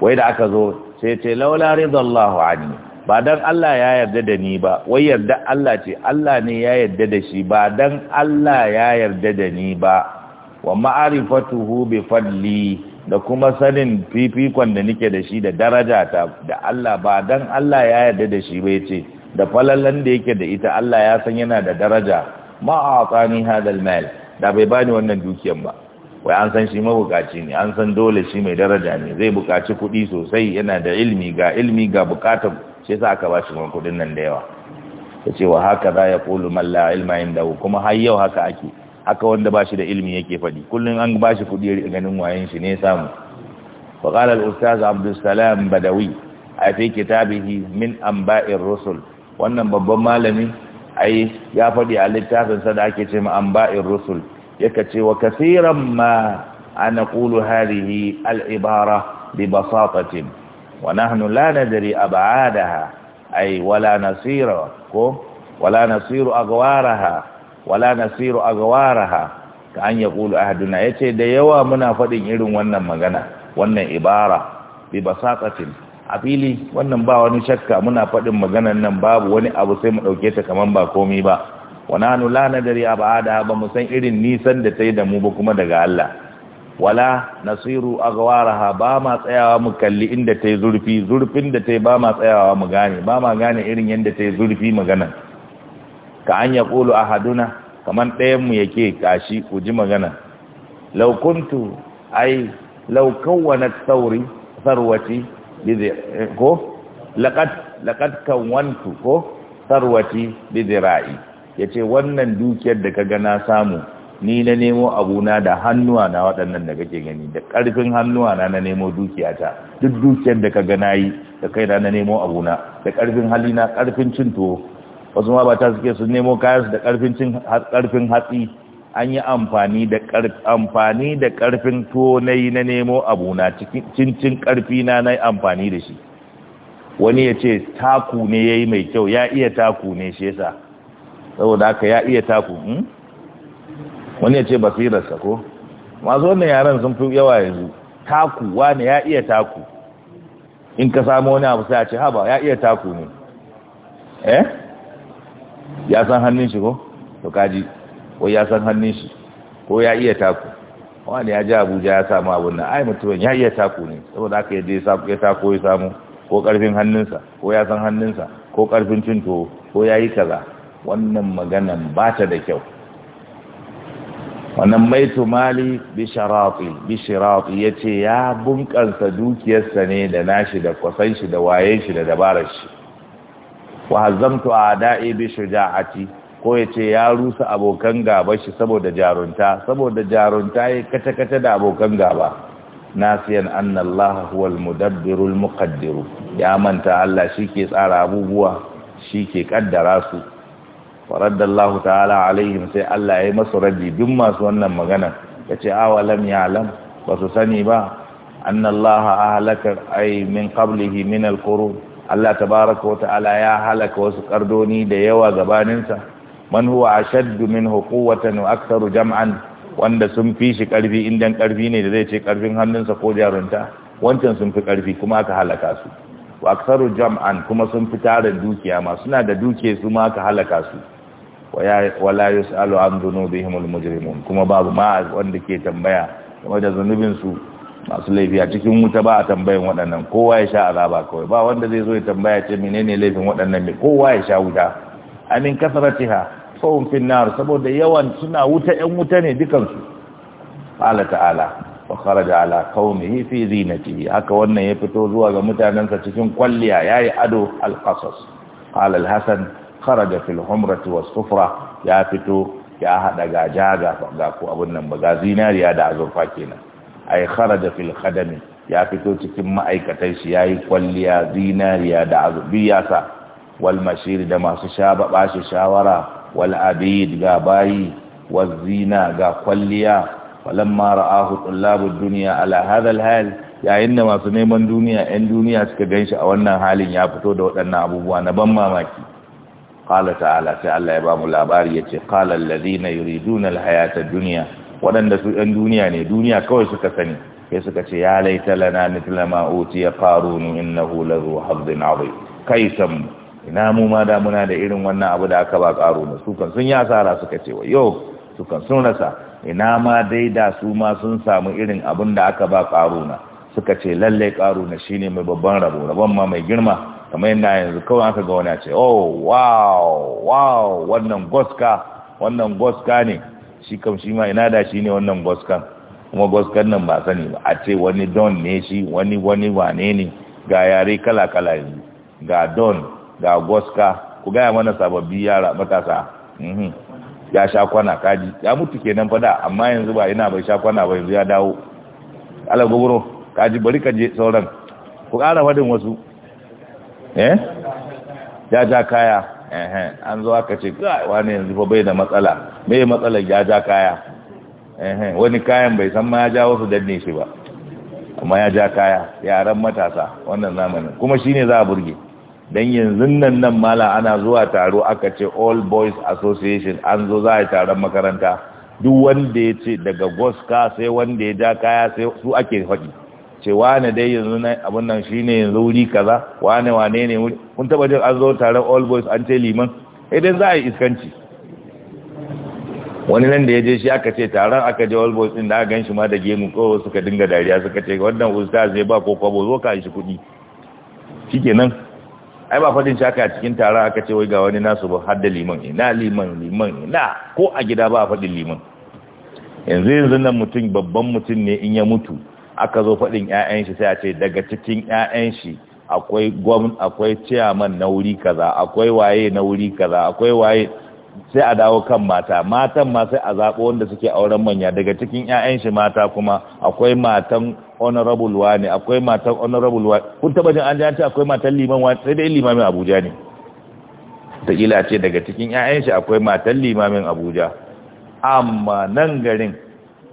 wai da aka zo sai ce laula ridallahu anni ba dan Allah ya yarda da ni ba wai yarda Allah ce Allah ne ya yarda da shi ba dan Allah ya yarda da ni ba wa ma'rifatuhu bi fadli da kuma sanin fifikon da nike da shi da daraja ta da Allah ba dan Allah ya yarda da shi bai ce da falalan da yake da ita Allah ya san yana da daraja ma atani hadal mal da bai bani wannan dukiyan ba wai an san shi mabukaci ne an san dole shi mai daraja ne zai bukaci kuɗi sosai yana da ilmi ga ilmi ga bukatar shi yasa aka ba shi man kuɗin nan da yawa yace wa haka za ya qulu man la ilma inda kuma har yau haka ake haka wanda ba shi da ilimi yake faɗi kullum an ba shi kuɗi ganin wayen shi ne samu wa qala al-ustaz Abdulsalam Badawi a fi kitabihi min anba'ir rusul wannan babban malami ai ya faɗi a littafin sa da ake ce ma anba'ir rusul yaka ce wa kasiran ma ana qulu hadhihi al-ibara bi basatatin wa nahnu la nadri ab'adaha ay wala nasira ko wala nasiru agwaraha wala nasiru Agawaraha, ka an Kulu ahaduna ya ce da yawa muna faɗin irin wannan magana wannan ibara bi basaqatin a fili wannan ba wani shakka muna faɗin maganan nan babu wani abu sai mu ɗauke ta kaman ba komai ba wana nu la nadari abada ba mu san irin nisan da tayi da mu ba kuma daga Allah wala nasiru agwaraha ba ma tsayawa mu kalli inda tayi zurfi zurfin da tayi ba ma tsayawa mu gane ba ma gane irin yanda tayi zurfi maganan ka an ya ƙulu a haduna kamar ɗayanmu ke kashi ku ji magana laukuntu ai laukawwana sauri sarwati eh, ko laƙat wantu ko sarwati rai. ya ce wannan dukiyar da kaga na samu ni na nemo abuna da hannuwa na waɗannan da kake gani da ƙarfin hannuwa na na nemo dukiyata duk dukiyar da kaga na yi da kai na nemo abuna da ƙarfin halina ƙarfin cin tuwo wasu ma ba ta suke su nemo kayan su da karfin hatsi an yi amfani da amfani da karfin tuwo na yi na nemo abu na cincin karfi na nai amfani da shi wani ya ce taku ne ya yi mai kyau ya iya taku ne shi yasa saboda haka ya iya taku hmm? wani ya ce basirarsa ko masu wannan yaren sun fi yawa yanzu taku wani ya iya taku in ka samu wani abu sai a ce haba ya iya taku ne eh ya san hannun shi ko to kaji ko ya san hannun shi ko ya iya taku wani ya ji abuja ya samu abun nan ai mutumin ya iya taku ne saboda aka yadda ya tako ya samu ko karfin hannunsa ko ya san hannunsa ko karfin cin ko ya yi kaza wannan maganan ba ta da kyau wannan maitu mali bisharafi bisharafi ya ce ya bunkansa dukiyarsa ne da nashi da kwasan shi da wayen shi da dabarar shi wa hazamtu a'da'i bi shuja'ati ko yace ya rusa abokan gaba shi saboda jarunta saboda jarunta yake kata kata da abokan gaba nasiyan annallahu huwal mudabbirul muqaddir ya manta Allah shike tsara abubuwa shi ke kaddara su raddallahu ta'ala alaihim sai Allah ya masu raddi duk masu wannan magana yace awalam ya'lam basu sani ba Annallahu ahlakar ay min qablihi min alqurun Allah tabaraka wata'ala ta'ala ya halaka wasu kardoni da yawa gabaninsa man huwa ashaddu minhu quwwatan wa aktharu jam'an wanda sun fi shi karfi indan karfi ne da zai ce karfin hannunsa ko jarunta wancan sun fi karfi kuma aka halaka su wa aktharu jam'an kuma sun fi tara dukiya ma suna da dukiya su ma aka halaka su wala yus'alu an dhunubihim al-mujrimun kuma babu ma wanda ke tambaya game da zunubin su masu laifi a cikin wuta ba a tambayin waɗannan kowa ya sha azaba kawai ba wanda zai zo ya tambaya ce menene laifin waɗannan mai kowa ya sha wuta amin kasaratiha tsohon finnar saboda yawan suna wuta yan wuta ne dukansu ala ta'ala wa kharaja ala qaumihi fi zinatihi haka wannan ya fito zuwa ga mutanansa cikin kwalliya yayi ado al-qasas qala al-hasan kharaja fil humrati ya fito ya haɗa gaja ga ga abun nan ba ga zinariya da azurfa kenan ay kharaja fil ya fito cikin ma'aikatan shi yayi kwalliya zinariya da azubi ya wal mashir da masu shaba bashi shawara wal abid ga bayi wal zina ga kwalliya walamma ra'ahu tullabud dunya ala hadha al hal yayin da masu neman duniya 'yan duniya suka ganshi a wannan halin ya fito da waɗannan abubuwa na ban mamaki qala ta'ala sai Allah ya ba mu labari yace qala alladhina yuriduna al hayata dunya waɗanda su ɗan duniya ne duniya kawai suka sani sai suka ce ya laita lana mitla ma utiya qarunu innahu lazu hazzin azim kai sam ina mu ma da muna da irin wannan abu da aka ba ne su kan sun yi asara suka ce yo su kan sun rasa ina ma dai da su ma sun samu irin abin da aka ba na suka ce lalle na shine mai babban rabo rabon ma mai girma kamar yadda yanzu kawai aka ga wani ce oh wow wow wannan goska wannan goska ne shi kam shi ma ina da shi ne wannan goskan kuma goskan nan ba sani ba a ce wani don ne shi wani wani wane ne ga yare kala kala yanzu ga don ga goska ku gaya mana sababbi yara matasa mhm. ya sha kwana kaji ya mutu kenan fada amma yanzu ba ina bai sha kwana ba yanzu ya dawo ala gogoro kaji bari ka je sauran ku ƙara fadin wasu eh ya ja kaya an zo aka ce ga wani yanzu fa bai da matsala me matsala ya ja kaya wani kayan bai san ma ya ja wasu danne shi ba amma ya ja kaya yaran matasa wannan zamanin kuma shine za a burge dan yanzu nan nan mala ana zuwa taro aka ce all boys association an zo za a yi taron makaranta duk wanda ya ce daga goska sai wanda ya ja kaya sai su ake faɗi ce wane dai yanzu na abin nan shi ne yanzu wuri kaza wane wane ne wuri kun taba jin an zo taron all boys an ce liman idan eh, za a yi iskanci wani nan da ya je shi aka ce taron aka je all boys din da aka ganshi ma da gemu ko suka dinga dariya suka ce wannan usta zai ba ko kwabo zo ka shi kuɗi shikenan ai ba fadin shaka a cikin taron aka ce wai ga wani nasu ba har da liman ina liman liman ina ko a gida ba a fadin liman yanzu yanzu nan mutum babban mutum ne in ya mutu aka zo faɗin 'ya'yan shi sai a ce daga cikin 'ya'yan shi akwai gwamn akwai ciyaman na wuri kaza akwai waye na wuri kaza akwai waye sai a dawo kan mata matan ma sai a zaɓo wanda suke auren manya daga cikin 'ya'yan shi mata kuma akwai matan honorable ne akwai matan honorable wa kun taɓa jin an ji akwai matan liman wa sai dai limamin abuja ne ta ce daga cikin 'ya'yan shi akwai matan limamin abuja amma nan garin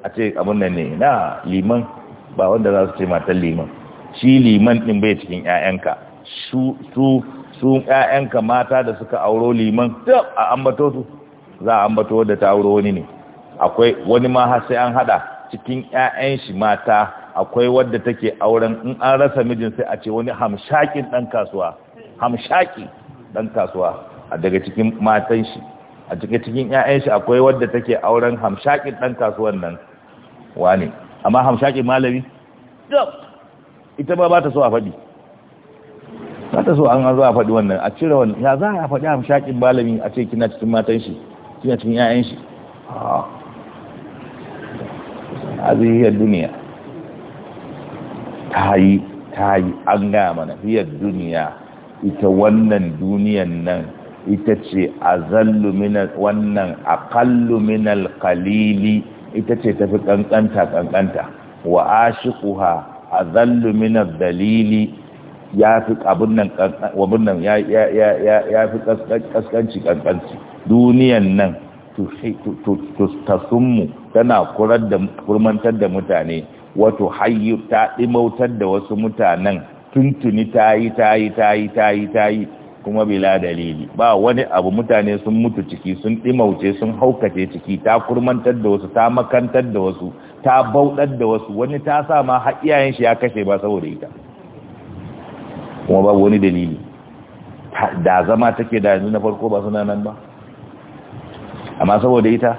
a ce abin nan ne na liman ba wanda za su ce matan liman shi liman din bai cikin ƴaƴanka su su su ƴaƴanka mata da suka auro liman tab a ambato su za a ambato wadda ta auro wani ne akwai wani ma har sai an hada cikin ƴaƴan shi mata akwai wadda take auren in an rasa mijin sai a ce wani hamshakin dan kasuwa hamshaki dan kasuwa a daga cikin matan shi a cikin cikin ƴaƴan shi akwai wadda take auren hamshakin dan kasuwan nan wani amma hamshakin malami ita ba ba ta so a faɗi ba ta so an zo a faɗi wannan a cire wannan ya za a faɗi hamshakin malami a ce kina cikin matan shi kina cikin 'ya'yan shi a ah. zihiyar duniya ta yi ta yi an gaya mana fiyar duniya ita wannan duniyan nan ita ce a zallu wannan akallu minal kalili ita ce tafi kankanta kankanta wa ashiquha azallu min ad-dalili ya fi abun nan bun nan ya ya ya ya fi kaskanci kaskanci duniyan nan to to tasummu tana kurar da kurmantar da mutane wato hayyu ta dimautar da wasu mutanen tuntuni tayi tayi tayi tayi tayi kuma bila dalili ba wani abu mutane sun mutu ciki sun ɗimauce sun haukace ciki ta kurmantar da wasu ta makantar da wasu ta bauɗar da wasu wani ta sa ma har iyayen shi ya kashe ba saboda ita kuma ba wani dalili da zama take da yanzu na farko ba suna nan ba amma saboda ita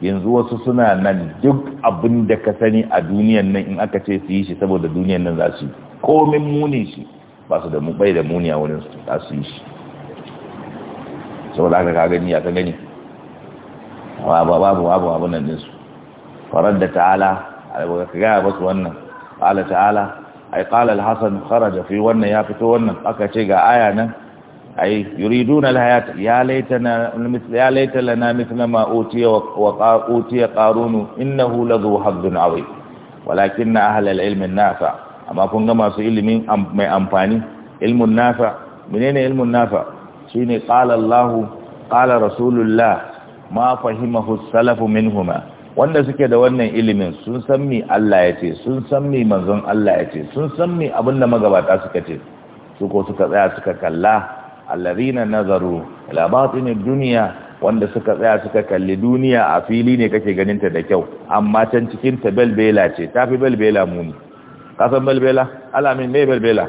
yanzu wasu suna nan duk abin da ka sani a duniyan nan in aka ce su yi shi saboda duniyan nan za su yi komin munin shi ba su da bai da muniya wurin su yi shi saboda aka kaga gani aka gani babu babu abu nan su farar da ta'ala ka gaya basu wannan ala ta'ala ai ƙala alhassan kharaja fi wannan ya fito wannan aka ce ga aya nan ai yuriduna alhayat ya laitana ya laita lana mithla ma utiya wa utiya qarunu innahu ladhu hazzun awi walakinna ahla alilmi nafa' amma kun ga masu ilimin mai amfani ilmun nafa menene ilmun nafa shine qala Allah qala rasulullah ma fahimahu salafu minhuma wanda suke da wannan ilimin sun san mi Allah ya ce sun san mi manzon Allah ya ce sun san mi abinda magabata suka ce su ko suka tsaya suka kalla allazina nazaru ila batini dunya wanda suka tsaya suka kalli duniya a fili ne kake ganin ta da kyau amma can cikin ta belbela ce tafi belbela muni kasan balbela alamin mai balbela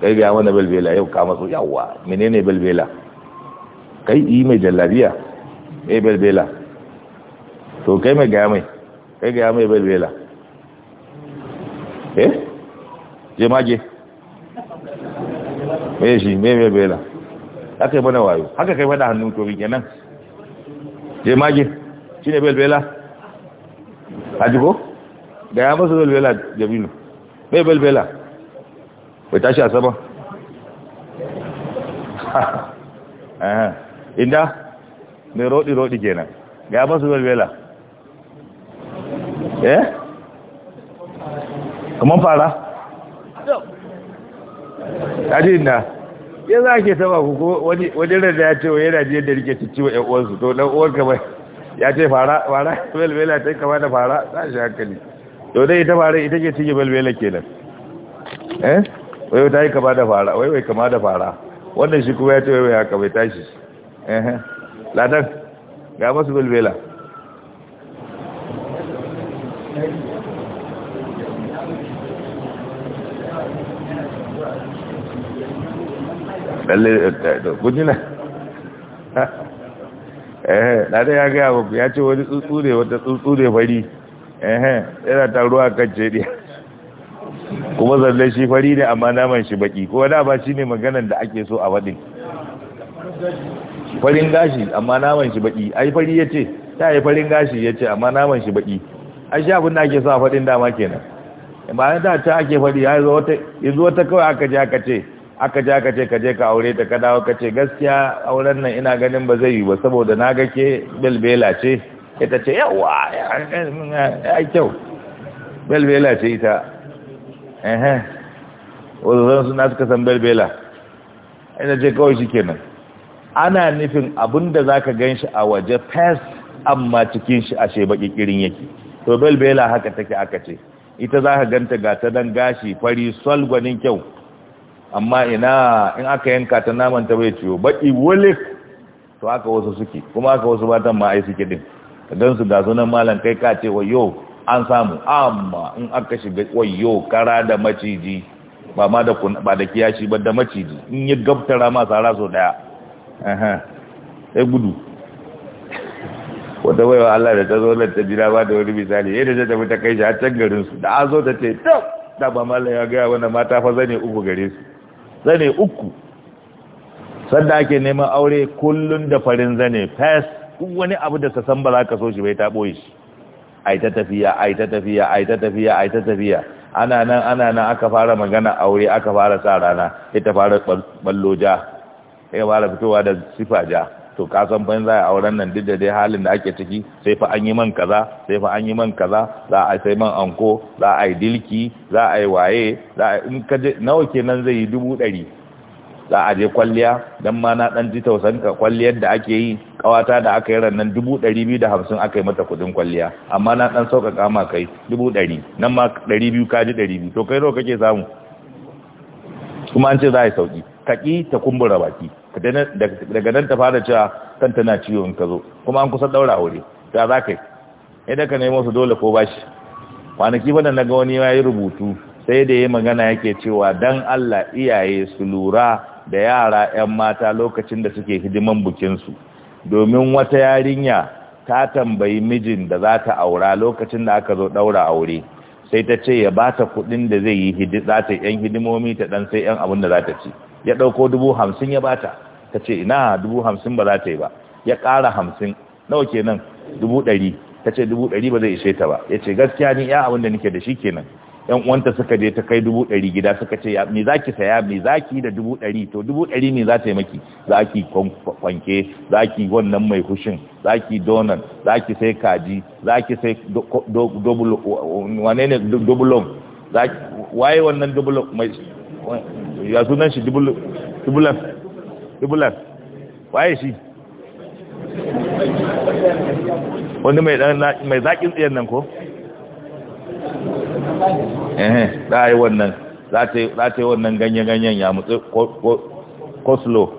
kai ga wani balbela yau ka matsu yawa menene balbela kai yi mai jallabiya mai balbela to kai mai gaya mai kai gaya mai balbela eh je mage mai shi mai balbela haka yi mana wayo haka kai fada hannun tobi kenan je mage shi ne balbela hajji da ya basu belbela jamilu mai belbela bai tashi a sama inda mai roɗi-roɗi kenan da ya basu balbela eh kaman fara ƙadi inda ya za ke saba kuku wani da ya ce wa yana jiyar da rike cici wa uwansu to uwar kamar ya ce fara fara belbela ta yi kama da fara ta shi hankali to dai ita fara ita ce cije balbela kenan eh wai ta yi kama da fara wai wai kama da fara wannan shi kuma ya ce wai wai haka bai tashi eh, eh. ladan ga masu balbela lalle gudina eh, eh, eh ladan ya ga ya ce wani ne wata ne fari ehe yana taruwa kan cediya kuma zalle shi fari ne amma naman shi baki kuma dama shi ne maganan da ake so a waɗin farin gashi amma naman shi baki ai fari ya ce ta yi farin gashi ya ce amma naman shi baki ai shi abin da ake so a faɗin dama kenan bayan da ta ake fari ya zo wata yanzu wata kawai aka je aka ce aka je aka ce ka je ka aure ta ka dawo ka ce gaskiya auren nan ina ganin ba zai yi ba saboda na ga ke belbela ce ita ce yawa ya kyau belbela ce ita wasu wazazan suna suka san belbela ina ce kawai shi kenan ana nufin abinda za ka gan shi a waje pes amma cikin shi ashe baki kirin yake to belbela haka take aka ce ita za ka ganta ga ta dan gashi fari sol gwanin kyau amma ina in aka yanka ta naman ta bai ciwo baki wulik to haka wasu suke kuma haka wasu matan ma suke din don su ga sunan malam kai ka ce wayo an samu amma in aka shiga wayo kara da maciji ba ma da ba da kiyashi ba da maciji in ya gabtara ma sara so daya eh sai gudu wata wayo Allah da ta zo da ta jira ba da wani misali yadda ta tafi ta kai shi a can garin su da an zo ta ce to da ba malam ya ga wannan mata fa zane uku gare su zane uku sanda ake neman aure kullun da farin zane fes duk wani abu da ka san ba za ka so shi bai ta boye shi ai ta tafiya ai ta tafiya ai ta tafiya ai ta tafiya ana nan ana nan aka fara magana aure aka fara sa rana sai ta fara ballo ja sai fara fitowa da sifa ja to ka san ban za a auren nan duk da dai halin da ake ciki sai fa an yi man kaza sai fa an yi man kaza za a sai man anko za a yi dilki za a yi waye za a in ka je nawa kenan zai yi dubu ɗari za a je kwalliya don ma na ɗan ji tausan ka kwalliyar da ake yi ƙawata da aka yi rannan dubu ɗari biyu da hamsin aka yi mata kuɗin kwalliya amma na ɗan sauƙaƙa ma kai dubu ɗari nan ma ɗari biyu ka ji ɗari biyu to kai nawa kake samu kuma an ce za a yi sauƙi ka ƙi ta kumbura baki daga nan ta fara cewa kan tana ciwo in ka zo kuma an kusa ɗaura aure ta za ka yi idan ka nemo su dole ko bashi kwanaki fa da na ga wani ya yi rubutu sai da ya magana yake cewa dan Allah iyaye su lura da yara 'yan mata lokacin da suke hidiman bukinsu domin wata yarinya ta tambayi mijin da za ta aura lokacin da aka zo ɗaura aure sai ta ce ya bata kuɗin da zai yi za ta yan hidimomi ta ɗan sai yan abin da za ta ci ya ɗauko dubu hamsin ya bata ta ce ina dubu hamsin ba za ta yi ba ya ƙara hamsin nawa kenan dubu ɗari ta ce dubu ɗari ba zai ishe ta ba ya ce gaskiya ni ya abin da nike da shi kenan yan uwanta suka je ta kai dubu ɗari gida suka ce me za ki saya me za ki da dubu ɗari to dubu ɗari me za ta yi maki za ki kwanke za ki wannan mai hushin za ki donan za ki sai kaji za ki sai wane ne dubulon waye wannan dubulon mai ya sunan shi dubulan dubulon waye shi wani mai zaƙin tsayen nan ko Za a yi wannan za ta yi wannan ganye-ganyen ya ko koslo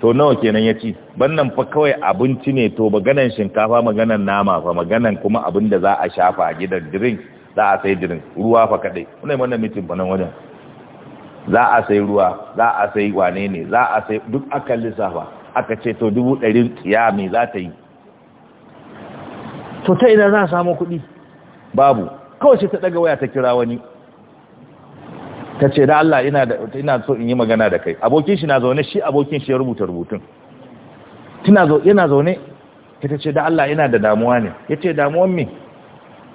to nawa kenan ya ci bannan fa kawai abinci ne to maganan shinkafa maganan nama fa maganan kuma abin da za a shafa a gidan drink za a sai drink ruwa fa kadai wannan wannan meeting fa nan wajen za a sai ruwa za a sai wane ne za a sai duk akan lissafa aka ce to dubu ɗari ya me za ta yi to ta ina za a samu kuɗi babu kawai shi ta daga waya ta kira wani ta ce da Allah ina so in yi magana da kai abokin shi na zaune shi abokin shi ya rubuta rubutun tana yana zaune ta ce da Allah ina da damuwa ne Ya ce damuwan me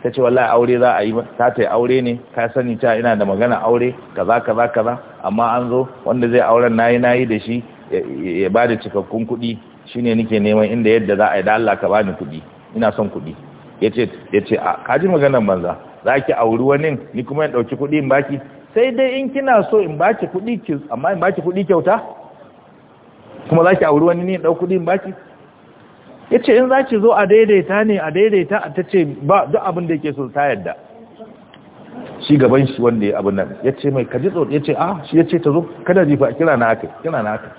ta ce wallahi aure za a yi ta ta yi aure ne ka sani ta ina da magana aure kaza kaza kaza amma an zo wanda zai auren nayi nayi da shi ya ba da cikakkun kuɗi shine nake neman inda yadda za a yi da Allah ka bani kuɗi ina son kuɗi ya ce a kaji maganar banza za ki auri wani ni kuma ya ɗauki kuɗi in baki sai dai in kina so in baki kuɗi amma in baki kuɗi kyauta kuma za ki auri wani ni in dauki kuɗi in baki ya ce in za ki zo a daidaita ne a daidaita ta ce ba duk abin da yake so ta yadda shi gaban shi wanda ya abin nan ya ce mai kaji tsoro ya ce a shi ya ce ta zo kada jifa kira na haka kira na haka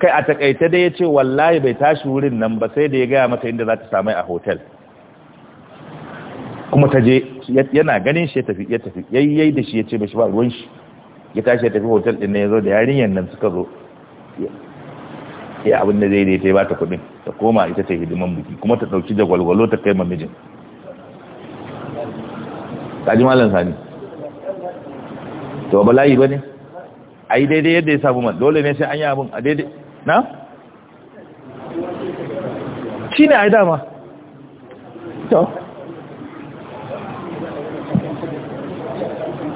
kai a takaita dai ya ce wallahi bai tashi wurin nan ba sai da ya gaya mata inda za ta samai a hotel kuma ta je yana ganin shi ya tafi ya tafi yayyai da shi ya ce mashi ba ruwan shi ya tashi ya tafi hotel din ya zo da yarinyar nan suka zo ya abin da zai daidai ba ta kudin ta koma ita ta hidiman biki kuma ta dauki jagwalgwalo ta kai mamijin kaji malam sani to ba layi ba ne yi daidai yadda ya samu man dole ne sai an yi abin a daidai na? shi ne a yi dama to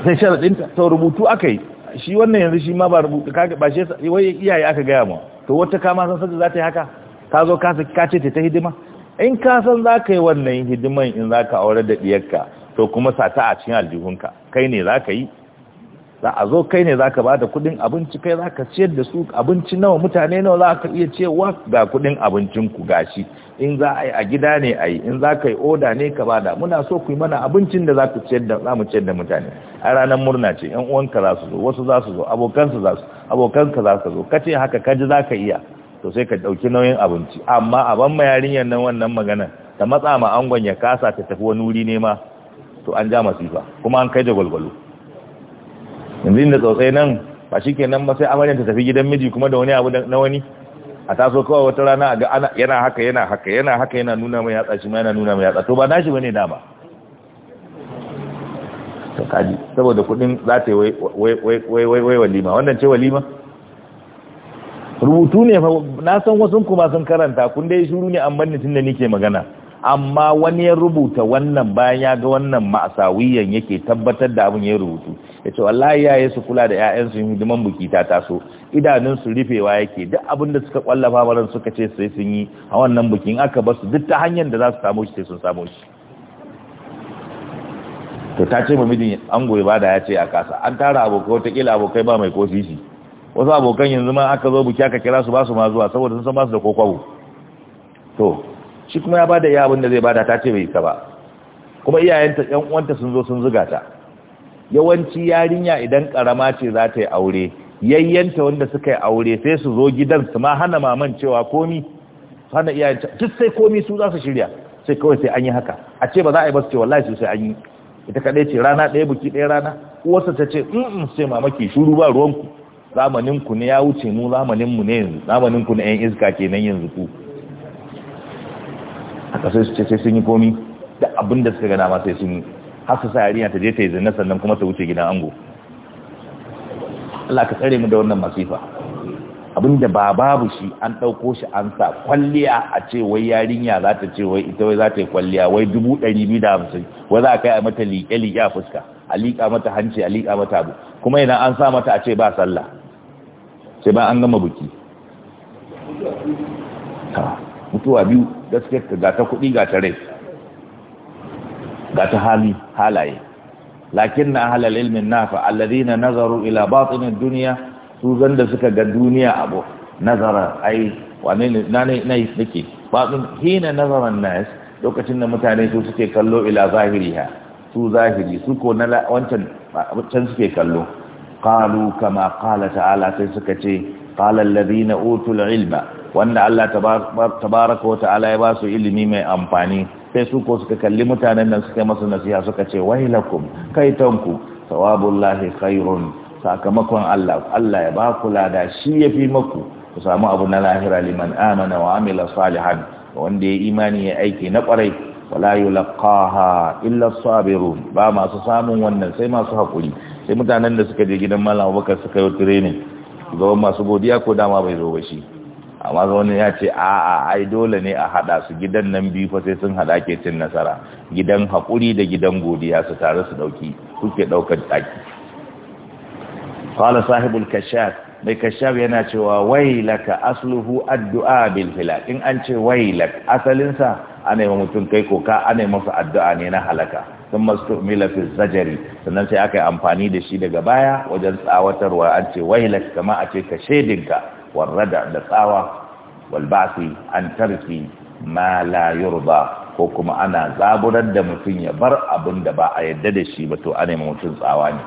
sai ɗin ta rubutu aka yi shi wannan yanzu shi ma ba rubutu ba shi wai iyaye aka gaya mu to wata kama san sai za ta yi haka ka zo ka ka ce ta hidima in ka san za ka yi wannan hidiman in za ka aure da diyarka to kuma sata a cikin aljihunka kai ne za ka yi za a zo kai ne za ka ba da kudin abinci kai za ka ciyar da su abinci nawa mutane nawa za ka iya cewa ga kudin abincinku gashi in za a yi a gida ne a yi in za ka yi oda ne ka ba da muna so ku yi mana abincin da za ku ciyar da mutane a ranar murna ce yan uwanka za su zo wasu za su zo abokansu za su abokanka za su zo ka ce haka ka ji za ka iya to sai ka ɗauki nauyin abinci amma a ban ma yarinyar nan wannan magana ta matsa ma angon ya kasa ta tafi wani wuri nema to an ja masifa kuma an kai da gwalgwalo yanzu inda tsautsai nan ba shi kenan ba sai amaryan ta tafi gidan miji kuma da wani abu na wani a taso kawai wata rana a ga ana yana haka yana haka yana haka yana nuna mai yatsa shi ma yana nuna mai yatsa to ba nashi bane dama to kaji saboda kudin za ta yi wai wai wai walima wannan ce walima rubutu ne fa na san wasu kuma sun karanta kun dai shuru ne amma ni tunda nike magana amma wani ya rubuta wannan bayan ya ga wannan ma'asawiyan yake tabbatar da abin ya rubutu ya ce wallahi yaye su kula da 'ya'yansu yin hidiman buki ta taso idanunsu rufewa yake duk abin da suka kwallafa su suka ce sai sun yi a wannan bukin aka ba su duk ta hanyar da za su samu shi sai sun samu shi to ta ce mamidin an goyi bada ya ce a kasa an tara abokai watakila abokai ba mai kosi shi wasu abokan yanzu ma aka zo buki aka kira su ba su ma zuwa saboda sun san ba su da kokwabo to shi kuma ya bada iya abin da zai bada ta ce bai isa ba kuma iyayenta yan uwanta sun zo sun zuga ta yawanci yarinya idan karama ce za ta yi aure yayyanta wanda suka yi aure sai su zo gidan su ma hana maman cewa komi hana iyayen tuk sai komi su za su shirya sai kawai sai an yi haka a ce ba za a yi ba su ce wallahi sai an yi ita kadai ce rana ɗaya buki ɗaya rana uwarsa ta ce in sai mamaki shuru ba ruwanku zamanin ku ne ya wuce mu zamanin mu ne yanzu zamanin ku na yan iska kenan yanzu ku haka sai su ce sai sun yi komi da abin da suka gana ma sai sun yi har su sa yarinya ta je ta yi zina sannan kuma ta wuce gidan ango Allah ka tsare mu da wannan masifa abinda ba babu shi an ɗauko shi an sa kwalliya a ce wai yarinya za ta ce wai ita wai za ta yi kwalliya wai dubu ɗari biyu da hamsin wai za a kai a mata liƙe-liƙe a fuska a liƙa mata hanci a liƙa mata abu kuma idan an sa mata a ce ba sallah sai ba an gama buki mutuwa biyu gaske ga ta kuɗi ga ta rai ga ta hali halaye lakin na halal ilmin nafa alladhina nazaru ila batinin duniya su zanda suka ga duniya abu nazara ai wane ne na ne na yake batin hina nazaran nas lokacin da mutane su suke kallo ila zahiri ha, su zahiri su ko na wancan wancan suke kallo Kalu kama kala ta'ala sai suka ce qala alladhina utul ilma wanda Allah tabaraka wa ta'ala ya ba su ilimi mai amfani sai su ko suka kalli mutanen nan suka masu nasiha suka ce kai tanku sawabullahi khairun sakamakon Allah Allah ya ba ku lada shi yafi maku ku samu abu na lahira liman amana wa amila salihan wanda ya imani ya aiki na kwarai wala yulqaha illa sabirun ba masu samun wannan sai masu hakuri sai mutanen da suka je gidan malam Abubakar suka yi training masu godiya ko dama bai zo ba shi amma wani ya ce a'a ai dole ne a hada su gidan nan biyu fa sai sun hada ke cin nasara gidan haƙuri da gidan godiya su tare su ɗauki suke daukar ɗaki. fala sahibul kashaf mai kashaf yana cewa wailaka asluhu addu'a bil hilal in an ce wailak asalinsa sa ana yi mutum kai ko ka ana masa addu'a ne na halaka sun masu mila fi zajari sannan sai aka yi amfani da shi daga baya wajen tsawatarwa an ce wailak kama a ce ka shedinka warrada da tsawa walbasi an tarfi ma la yurba ko kuma ana zaburar da mutum ya bar abin da ba a yadda da shi ba to ana mutum tsawa ne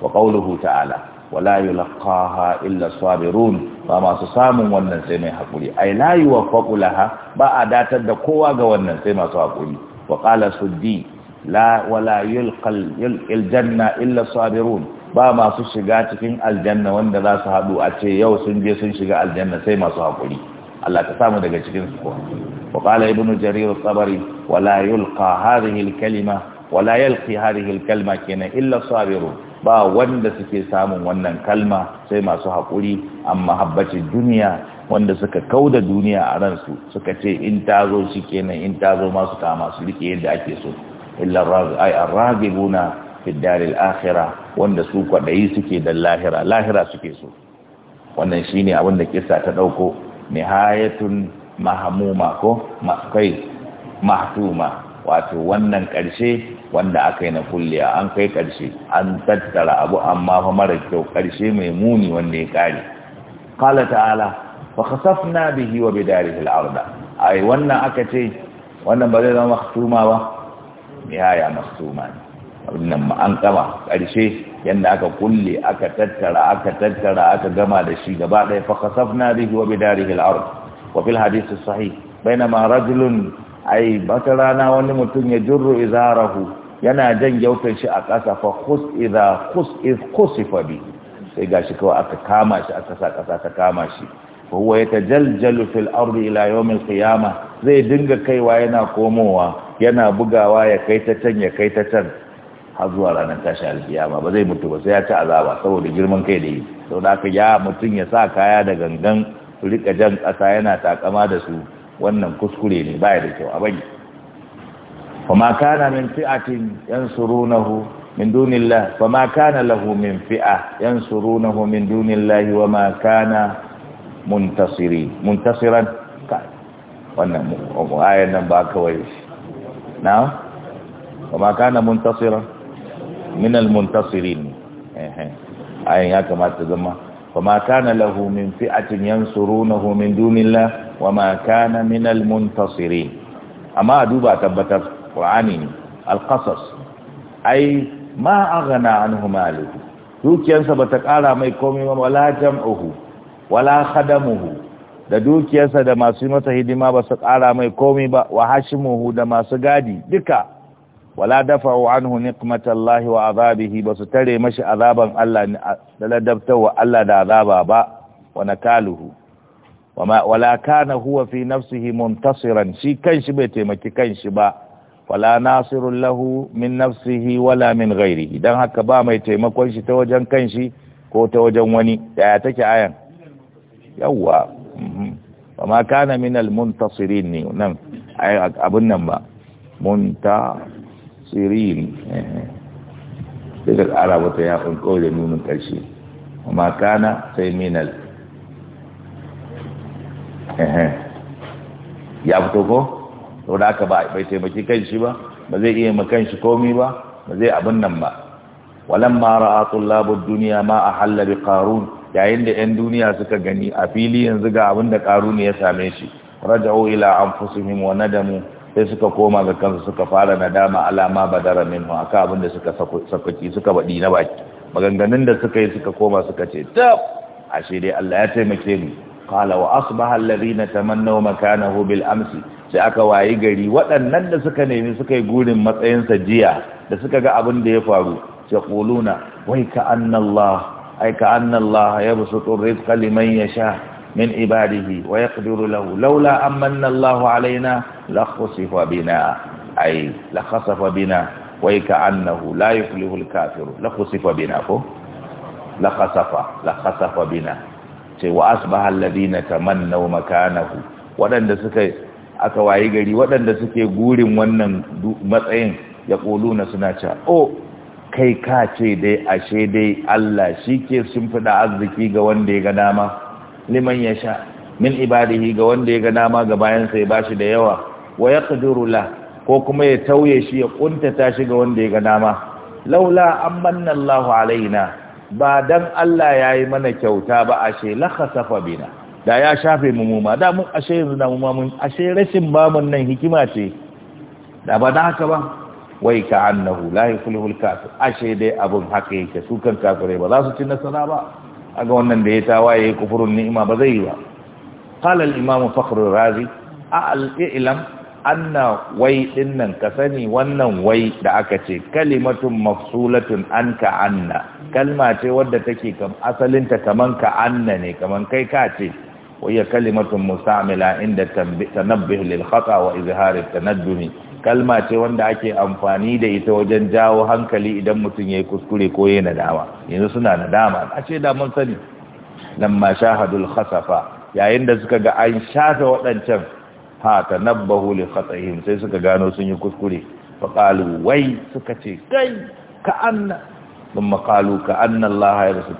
wa qauluhu ta'ala wala yulqaha illa sabirun ba masu samun wannan sai mai hakuri ai la yuwaffaqu laha ba a datar da kowa ga wannan sai masu hakuri wa qala suddi la wala yulqal yulqil janna illa sabirun ba masu shiga cikin aljanna wanda za su haɗu a ce yau sun je sun shiga aljanna sai masu haƙuri Allah ka samu daga cikin su kuma wa qala ibnu jarir al-sabari wa yulqa hadhihi al-kalima yalqi hadhihi illa ba wanda suke samun wannan kalma sai masu haƙuri amma habbaci duniya wanda suka kauda duniya a ransu suka ce in tazo shikenan in tazo zo masu kama su rike yadda ake so illa ar-ragibuna fiddaril akhira wanda su kwaɗayi suke da lahira lahira suke so wannan shine abin da kisa ta ɗauko nihayatun mahamuma ko kai mahtuma wato wannan ƙarshe wanda aka yi na kulliya an kai ƙarshe an tattara abu amma fa mara kyau ƙarshe mai muni wanda ya ƙare qala ta'ala fa khasafna bihi wa bidarihi al-arda ai wannan aka ce wannan ba zai zama mahtuma ba nihaya mahtuma ne nan an kama ƙarshe yadda aka kulle aka tattara aka tattara aka gama da shi gaba ɗaya fa khasafna bihi wa bidarihi al-ard wa sahi bai na sahih bainama rajulun bata rana wani mutum ya jurru izarahu yana jan gyautar shi a ƙasa fa khus idha khus iz sai gashi kawai aka kama shi aka sa ƙasa ta kama shi fa huwa yatajaljalu fil ardi ila yawm al zai dinga kaiwa yana komowa yana bugawa ya kai ta can ya kai ta can har zuwa ranar tashi alkiyama ba zai mutu ba sai ya ci azaba saboda girman kai da yi sau da aka ya mutum ya sa kaya da gangan rika jan ƙasa yana takama da su wannan kuskure ne baya da kyau a bari fama kana min fi'atin yansurunahu min dunillah fama kana lahu min fi'a yansurunahu min dunillahi wa ma kana muntasiri muntasiran ka wannan ayan nan ba kawai na fama kana muntasiran minal muntasirin ayin ya kamata zama kuma kana lahu min fi'atin yansurunahu min dunillah wama kana minal muntasirin amma duba tabbatar qur'ani al-qasas ai ma aghna anhu maluhu dukiyansa bata kara mai komai ba wala jam'uhu wala khadamuhu da dukiyarsa da masu mata hidima ba su kara mai komai ba wa hashimuhu da masu gadi duka wala dafa'u anhu niqmatallahi wa azabihi basu tare mashi azaban Allah da ladabtawa Allah da azaba ba wa nakaluhu wala kana huwa fi nafsihi muntasiran shi kanshi bai taimaki kanshi ba wala nasirun lahu min nafsihi wala min ghairihi dan haka ba mai taimakon shi ta wajen kanshi ko ta wajen wani yaya take ayan yawa mhm. wama kana min al ne nan abun nan ba munta sirin sai da wata ya kawai da nunin ƙarshe amma kana sai minal ya fito ko to da aka bai taimaki shi ba ba zai iya makanshi komi ba ba zai abin nan ba walan ma ra'a tullabud duniya ma a bi karun yayin da yan duniya suka gani a fili yanzu ga abin da karun ya same shi raja'u ila fusuhin wa nadamu sai suka koma ga kansu suka fara nadama alama badara minhu aka abin da suka sakaki suka baɗi na baki maganganun da suka yi suka koma suka ce tab ashe dai Allah ya taimake mu qala wa asbaha alladhina tamannaw makanahu bil amsi sai aka wayi gari waɗannan da suka nemi suka yi gurin matsayinsa jiya da suka ga abin da ya faru sai quluna wai ka annallah ay ka annallah yabsutu rizqa liman yasha من عباده ويقدر له لولا أمن الله علينا لخسف بنا أي لخسف بنا ويكأنه لا يفلح الكافر لخسف بنا فو لخسف لخسف بنا وأصبح الذين تمنوا مكانه ولن سكي aka wayi gari waɗanda suke gurin wannan matsayin ya na suna cewa o kai ka ce dai ashe dai Allah shi ke sun fi da arziki ga wanda ya ga dama liman yasha min ibadihi ga wanda ya ga dama ga bayansa ya bashi da yawa wa yaqdiru la ko kuma ya tauye shi ya kuntata shi ga wanda ya ga dama laula amanna Allahu alaina ba dan Allah yayi mana kyauta ba ashe la khasafa bina da ya shafe mu mu da mun ashe yanzu da mu ma mun ashe rashin bamun nan hikima ce da ba da haka ba wai ka annahu la yuflihul kafir ashe dai abun haka yake su kan kafirai ba za su ci nasara ba aga wannan da ya yi kufurun ni'ima ba zai yi ba qala imamu imam razi a ilam anna wai ɗinnan ka sani wannan wai da aka ce kalimatun mafsulatun an ka anna kalma ce wadda take asalinta kaman ka anna ne kaman kai ka ce wai kalimatun musamila inda tanabbih lil khata wa izhar at-tanaddumi kalma ce wanda ake amfani da ita wajen jawo hankali idan mutum ya yi kuskure ko ya nadama yanzu suna nadama a ce da mun sani lamma shahadul khasafa yayin da suka ga an shafe waɗancan ha tanabbahu li khata'ihim sai suka gano sun yi kuskure fa qalu wai suka ce kai ka anna sun makalu ka annan laha ya rasu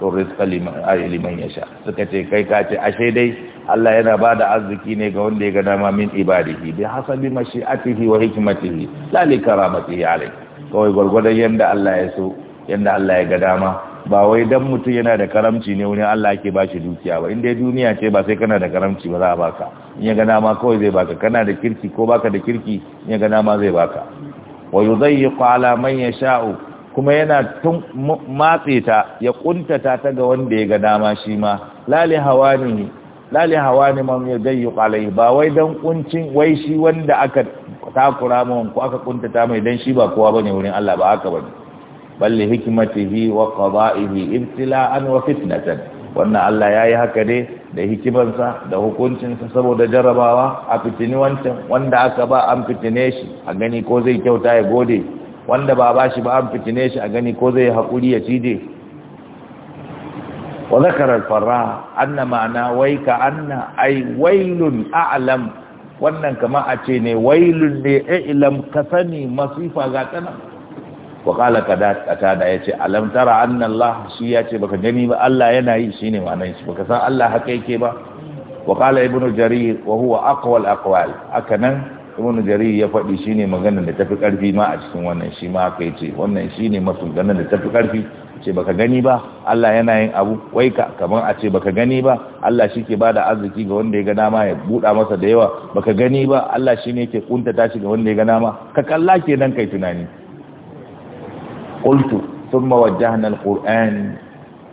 liman ya sha suka ce kai ka ce ashe dai Allah yana ba da arziki ne ga wanda ya ga dama min ibadihi bi hasabi mashi'atihi wa hikmatihi la li karamatihi alai kawai gwargwadon yanda Allah ya so yanda Allah ya ga dama ba wai dan mutum yana da karamci ne wani Allah yake ba shi dukiya ba inda duniya ce ba sai kana da karamci ba za a baka in ya ga dama kawai zai baka kana da kirki ko baka da kirki in ya ga dama zai baka wa yudayyiqu ala man yasha'u kuma yana tun matse ta ya kuntata ta ga wanda ya ga dama shi ma lali ne lali ne man ya dayyuq kwalai ba wai dan kuncin wai shi wanda aka takura mun ko aka kuntata mai dan shi ba kowa bane wurin Allah ba haka bane balli hikmatihi wa qada'ihi ibtila'an wa fitnatan wannan Allah yayi haka ne da hikimarsa da hukuncinsa saboda jarabawa a fitini wancan wanda aka ba an fitine shi a gani ko zai kyauta ya gode wanda ba shi ba an fitine shi a gani ko zai haƙuri ya cije wa zakarar fara anna ma'ana wai ka anna ai wailun a'lam wannan kama a ce ne wailun ne ilam ka sani masifa ga tana wa kala kada da ce alam tara anna Allah shi ce baka gani ba Allah yana yi shine ma'anar shi baka san Allah haka yake ba wa kala ibnu jarir wa huwa aqwal aqwal akanan ibnu jarir ya faɗi ne magana da tafi karfi ma a cikin wannan shi ma aka yi ce wannan ne mafi magana da tafi karfi ce baka gani ba Allah yana yin abu wai ka kamar a ce baka gani ba Allah shi ke bada arziki ga wanda ya ga dama ya buɗa masa da yawa baka gani ba Allah shi shine yake kuntata shi ga wanda ya ga dama ka kalla kenan kai tunani qultu thumma wajjahna alquran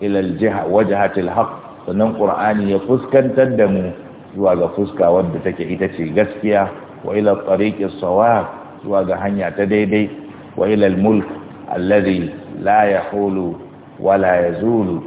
ila aljiha wajhatil haqq sannan qur'ani ya fuskantar da mu zuwa ga fuska wanda take ita ce gaskiya wa ila tariqi sawab zuwa ga hanya ta daidai wa ila al-mulk la yahulu wa la yazulu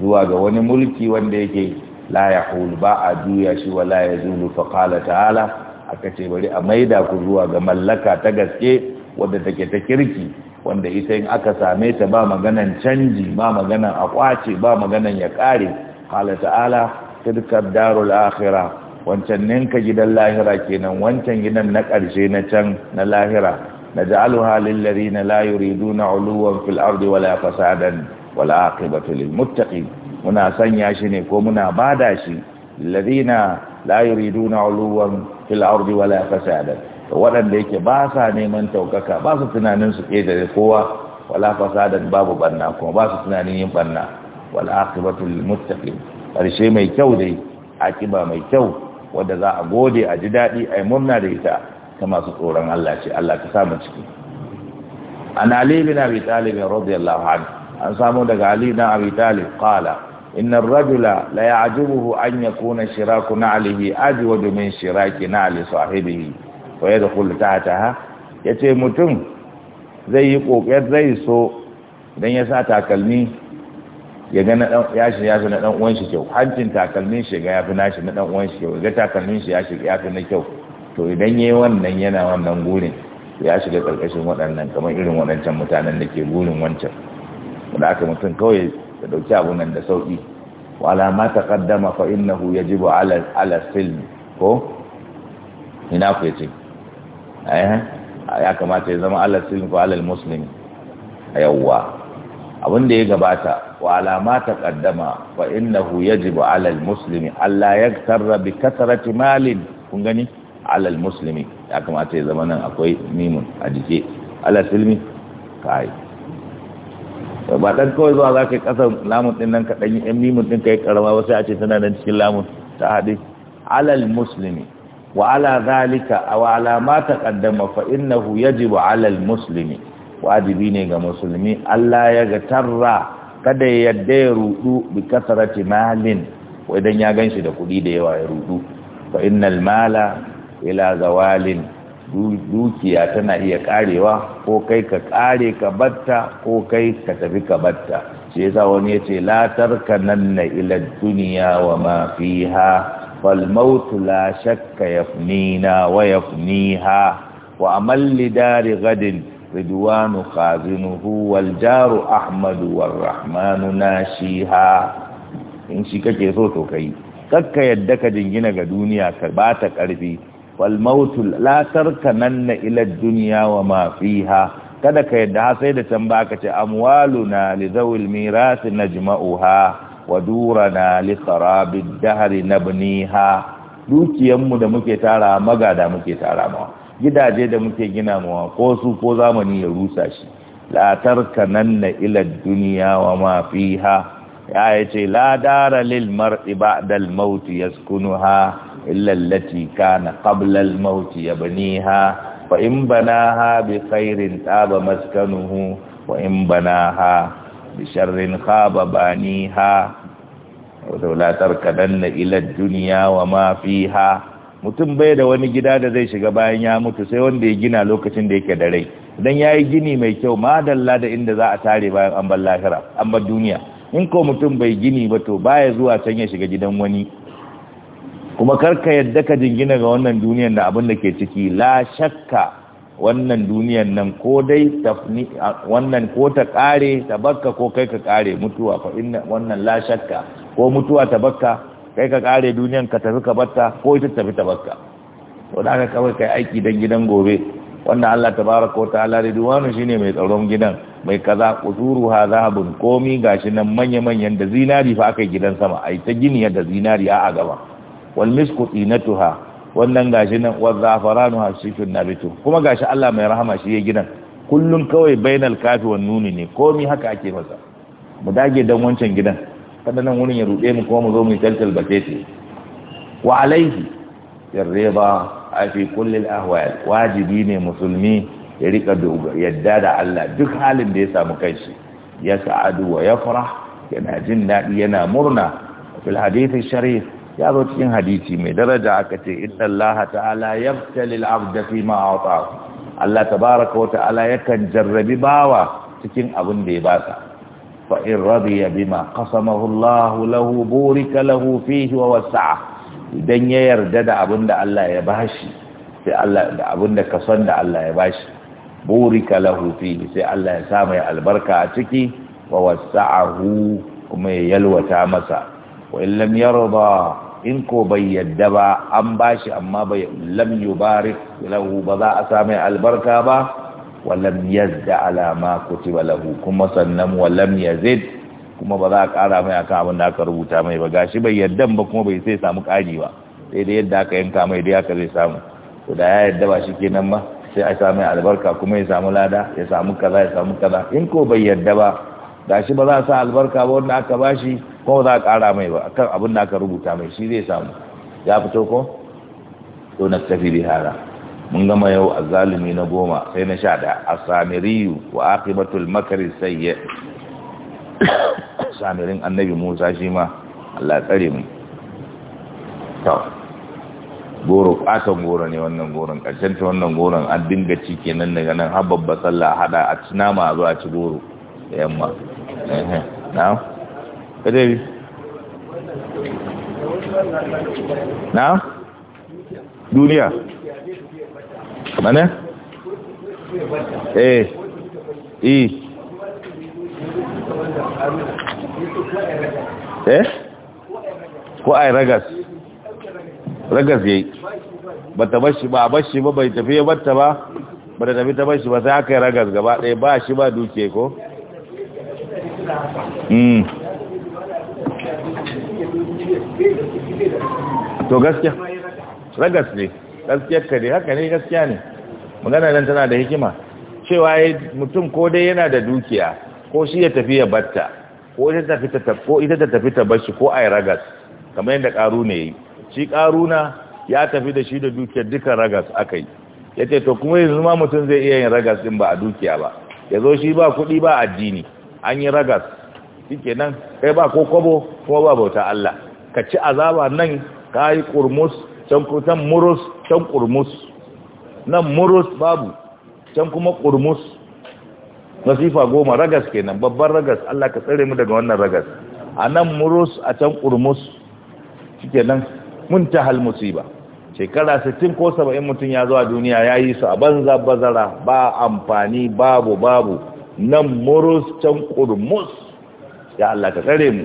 zuwa ga wani mulki wanda yake la yahulu ba a juya shi wa la yazulu fa qala ta'ala aka bari a maida ku zuwa ga mallaka ta gaske wadda take ta kirki wanda ita in aka same ta ba maganan canji ba maganan akwace ba maganan ya kare qala ta'ala tilka darul akhirah wancan ninka gidan lahira kenan wancan gidan na ƙarshe na can na lahira na ja'aluha lil ladina la yuriduna uluwan fil ardi wala fasadan wala aqibatu lil muttaqin muna sanya shi ne ko muna bada shi ladina la yuriduna uluwan fil ardi wala fasadan waɗanda yake ba sa neman taukaka ba su tunanin su da kowa wala fasadan babu banna kuma ba su tunanin yin banna wala aqibatu lil muttaqin ƙarshe mai kyau dai aƙiba mai kyau wadda za a gode a ji daɗi a yi murna da ita ta masu tsoron Allah ce Allah ta samu ciki an ali bin abi talib radiyallahu anhu an samu daga ali na abi talib qala inna ar-rajula la ya'jubuhu an yakuna shiraku na'lihi wa domin shiraki na'li sahibihi wa yadkhulu Ya ce mutum zai yi kokari zai so dan ya sa takalmi ya ga na ya shi ya fi na dan uwan shi kyau hancin takalmin shi ga ya fi nashi na dan uwan shi kyau ga takalmin shi ya shi ya fi na kyau to idan yayi wannan yana wannan gurin ya shiga karkashin waɗannan kamar irin waɗancan mutanen da ke gurin wancan da aka mutum kawai da dauki abu nan da sauki wala ma taqaddama fa innahu yajibu ala ala silm ko ina ku yace eh ya kamata ya zama ala silm ko ala muslim yawwa abin da ya gabata wa alama ta kaddama fa innahu yajibu alal muslimi Allah ya tarra bi kasarati malin kun gani alal muslimi ya kamata ya zama nan akwai mimun a jike alal silmi kai ba dan kawai zuwa za ka yi kasar lamun din nan kaɗan dan yi mimun din ka yi karama ba sai a ce tana nan cikin lamun ta haɗe alal muslimi wa ala zalika wa alama ta kaddama fa innahu yajibu alal muslimi wajibi ne ga musulmi Allah ya ga tarra kada ya yadda ya rudu bi kasarati malin idan ya ganshi da kuɗi da yawa ya rudu fa innal mala ila zawalin dukiya tana iya karewa ko kai ka kare ka batta ko kai ka tafi ka batta sai yasa wani yace la tarkananna ila dunya wa ma fiha fal maut la shakka yafnina wa yafniha wa amal lidari gadin ridwanu khazinuhu wal jaru ahmadu war rahmanu nashiha in shi kake so to kai ka yadda ka jingina ga duniya ka bata karfi wal mautu la tarkananna ila duniya wa ma fiha kada ka yadda ha sai da can baka ce amwaluna li zawil miras najma'uha wa durana li kharabid dahr nabniha dukiyanmu da muke tara magada muke tara mawa gidaje da muke gina mawa ko su ko zamani ya rusa shi nan tarkananna ila duniya wa mafi ha. ya yace la dara lil mar'i ba'da al ha, yaskunuha illa allati kana qabla al maut yabniha fa in banaha bi khairin taba maskanuhu wa in ha. bi sharrin khaba baniha wa la tarkananna ila duniya wa mafi ha. mutum bai da wani gida da zai shiga bayan ya mutu sai wanda ya gina lokacin da yake da rai idan ya yi gini mai kyau ma da inda za a tare bayan an bar lahira an bar duniya in ko mutum bai gini ba to baya zuwa can ya shiga gidan wani kuma karka yadda ka jingina ga wannan duniyan da abin da ke ciki la shakka wannan duniyan nan ko dai wannan ko ta kare ta ko kai ka kare mutuwa fa inna wannan la shakka ko mutuwa ta kai ka kare duniyan ka tafi ka batta ko ita tafi ta batta to da aka kawai kai aiki dan gidan gobe wanda Allah tabaraka wa ta'ala duwanu shine mai tsaron gidan mai kaza usuru ha zahabun komi gashi nan manya manyan da zinari fa akai gidan sama ai ta gini da zinari a gaba wal misku tuha wannan gashi nan wa zafaranu hasifun nabitu kuma gashi Allah mai rahama shi ya gidan kullun kawai bainal kafi wan nuni ne komi haka ake masa mu dage dan wancan gidan kada nan wurin ya ruɗe mu kuma mu zo mu taltal batete wa alaihi yarriba a fi kullil ahwal wajibi ne musulmi ya rika yadda da Allah duk halin da ya samu kanshi ya sa'adu wa fara yana jin daɗi yana murna fil hadithi sharif ya zo cikin hadisi mai daraja aka ce inna Allah ta'ala yabtali al-abda fi ma a'tahu Allah tabaaraka wa ta'ala yakan jarrabi bawa cikin abin da ya basa فإن رضي بما قسمه الله له بورك له فيه ووسعه idan ya yarda da abin da Allah ya bashi sai Allah da abin da kason da Allah ya bashi burika lahu fihi sai Allah ya sa mai albarka a ciki wa wasa'ahu kuma ya yalwata masa wa in lam yarda in ko bai yadda ba an bashi amma bai lam yubarik lahu ba za a sa mai albarka ba walam yazda ala ma kutiba lahu kuma sannan walam yazid kuma ba za a ƙara mai akan abin da aka rubuta mai ba gashi bai yadda ba kuma bai sai samu ƙari ba sai dai yadda aka yanka mai dai aka zai samu to da ya yadda ba shi kenan ba sai a samu albarka kuma ya samu lada ya samu kaza ya samu kaza in ko bai yadda ba gashi ba za a sa albarka ba wanda aka bashi ko ba za a ƙara mai ba akan abin da aka rubuta mai shi zai samu ya fito ko to na tafi bihara mun gama yau a zalimi na goma sai na sha da a samiriyu wa akibatul makari sayye samirin annabi musa shi ma allah tsare mu ta goro katon goro ne wannan goron ƙarshen ta wannan goron an dinga ci kenan daga nan har babba sallah hada a ci nama a zo a ci goro da yamma na kadebi na duniya mana eh i eh ko ai ragas ragas yayi bata bashi ba bashi ba bai tafi ya batta ba bata tafi ta bashi ba sai aka yi ragas gaba ɗaya ba shi ba duke ko mm to gaskiya ragas ne gaskiyar ka dai haka ne gaskiya ne magana nan tana da hikima cewa mutum ko dai yana da dukiya ko shi ya tafi ya batta ko ita tafi ta ko ita ta tafi ta bashi ko ai ragas kamar yadda karuna yayi shi karuna ya tafi da shi da dukiyar dukan ragas akai yace to kuma yanzu ma mutum zai iya yin ragas din ba a dukiya ba Ya zo shi ba kuɗi ba addini an yi ragas shikenan kai ba ko kwabo kuma ba bauta Allah ka ci azaba nan ka yi kurmus can kusan murus can kurmus nan murus babu can kuma kurmus masifa goma ragas kenan babban ragas Allah ka tsare mu daga wannan ragas a nan murus a can kurmus kenan nan mun ta hal musiba shekara 60 ko 70 mutum ya zo a duniya ya yi su a banza bazara ba amfani babu babu nan murus can kurmus ya Allah ka tsare mu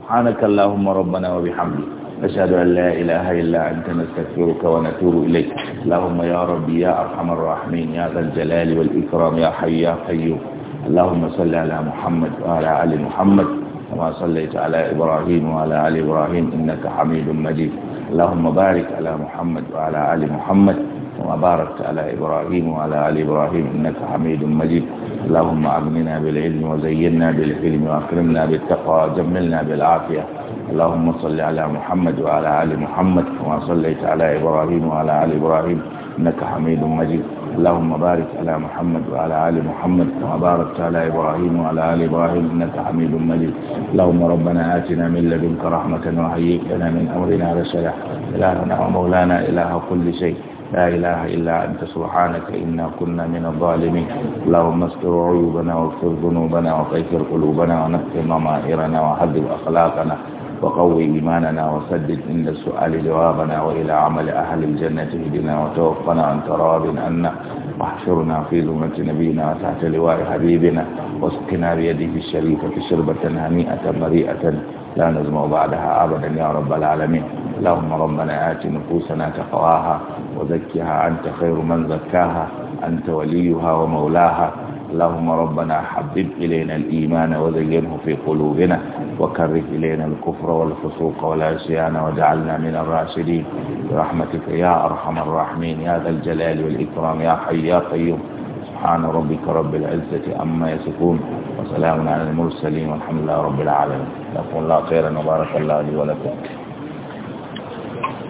subhanakallahumma rabbana wa bihamdika أشهد أن لا إله إلا أنت نستغفرك ونتوب إليك اللهم يا ربي يا أرحم الراحمين يا ذا الجلال والإكرام يا حي يا قيوم اللهم صل على محمد وعلى آل محمد كما صليت على إبراهيم وعلى آل إبراهيم إنك حميد مجيد اللهم بارك على محمد وعلى آل محمد كما باركت على إبراهيم وعلى آل إبراهيم إنك حميد مجيد اللهم أغننا بالعلم وزينا بالحلم وأكرمنا بالتقوى وجملنا بالعافية اللهم صل على محمد وعلى آل محمد كما صليت على إبراهيم وعلى آل إبراهيم إنك حميد مجيد اللهم بارك على محمد وعلى آل محمد كما باركت على إبراهيم وعلى آل إبراهيم إنك حميد مجيد اللهم ربنا آتنا من لدنك رحمة وهيئ لنا من أمرنا رشدا إلهنا ومولانا إله كل شيء لا إله إلا أنت سبحانك إنا كنا من الظالمين اللهم استر عيوبنا واغفر ذنوبنا وطيفر قلوبنا ونكفر ضمائرنا وحذر أخلاقنا وقوي إيماننا وسدد عند السؤال جوابنا وإلى عمل أهل الجنة هدنا وتوفنا عن تراب عنا واحشرنا في زمرة نبينا وتحت لواء حبيبنا واسقنا بيده الشريفة شربة هنيئة مريئة لا نزمع بعدها أبدا يا رب العالمين اللهم ربنا آت نفوسنا تقواها وزكها أنت خير من زكاها أنت وليها ومولاها اللهم ربنا حبب إلينا الإيمان وزينه في قلوبنا وكره إلينا الكفر والفسوق والعصيان وجعلنا من الراشدين برحمتك يا أرحم الراحمين يا ذا الجلال والإكرام يا حي يا قيوم سبحان ربك رب العزة أما يصفون وسلام على المرسلين والحمد لله رب العالمين نقول الله خيرا وبارك الله لي ولكم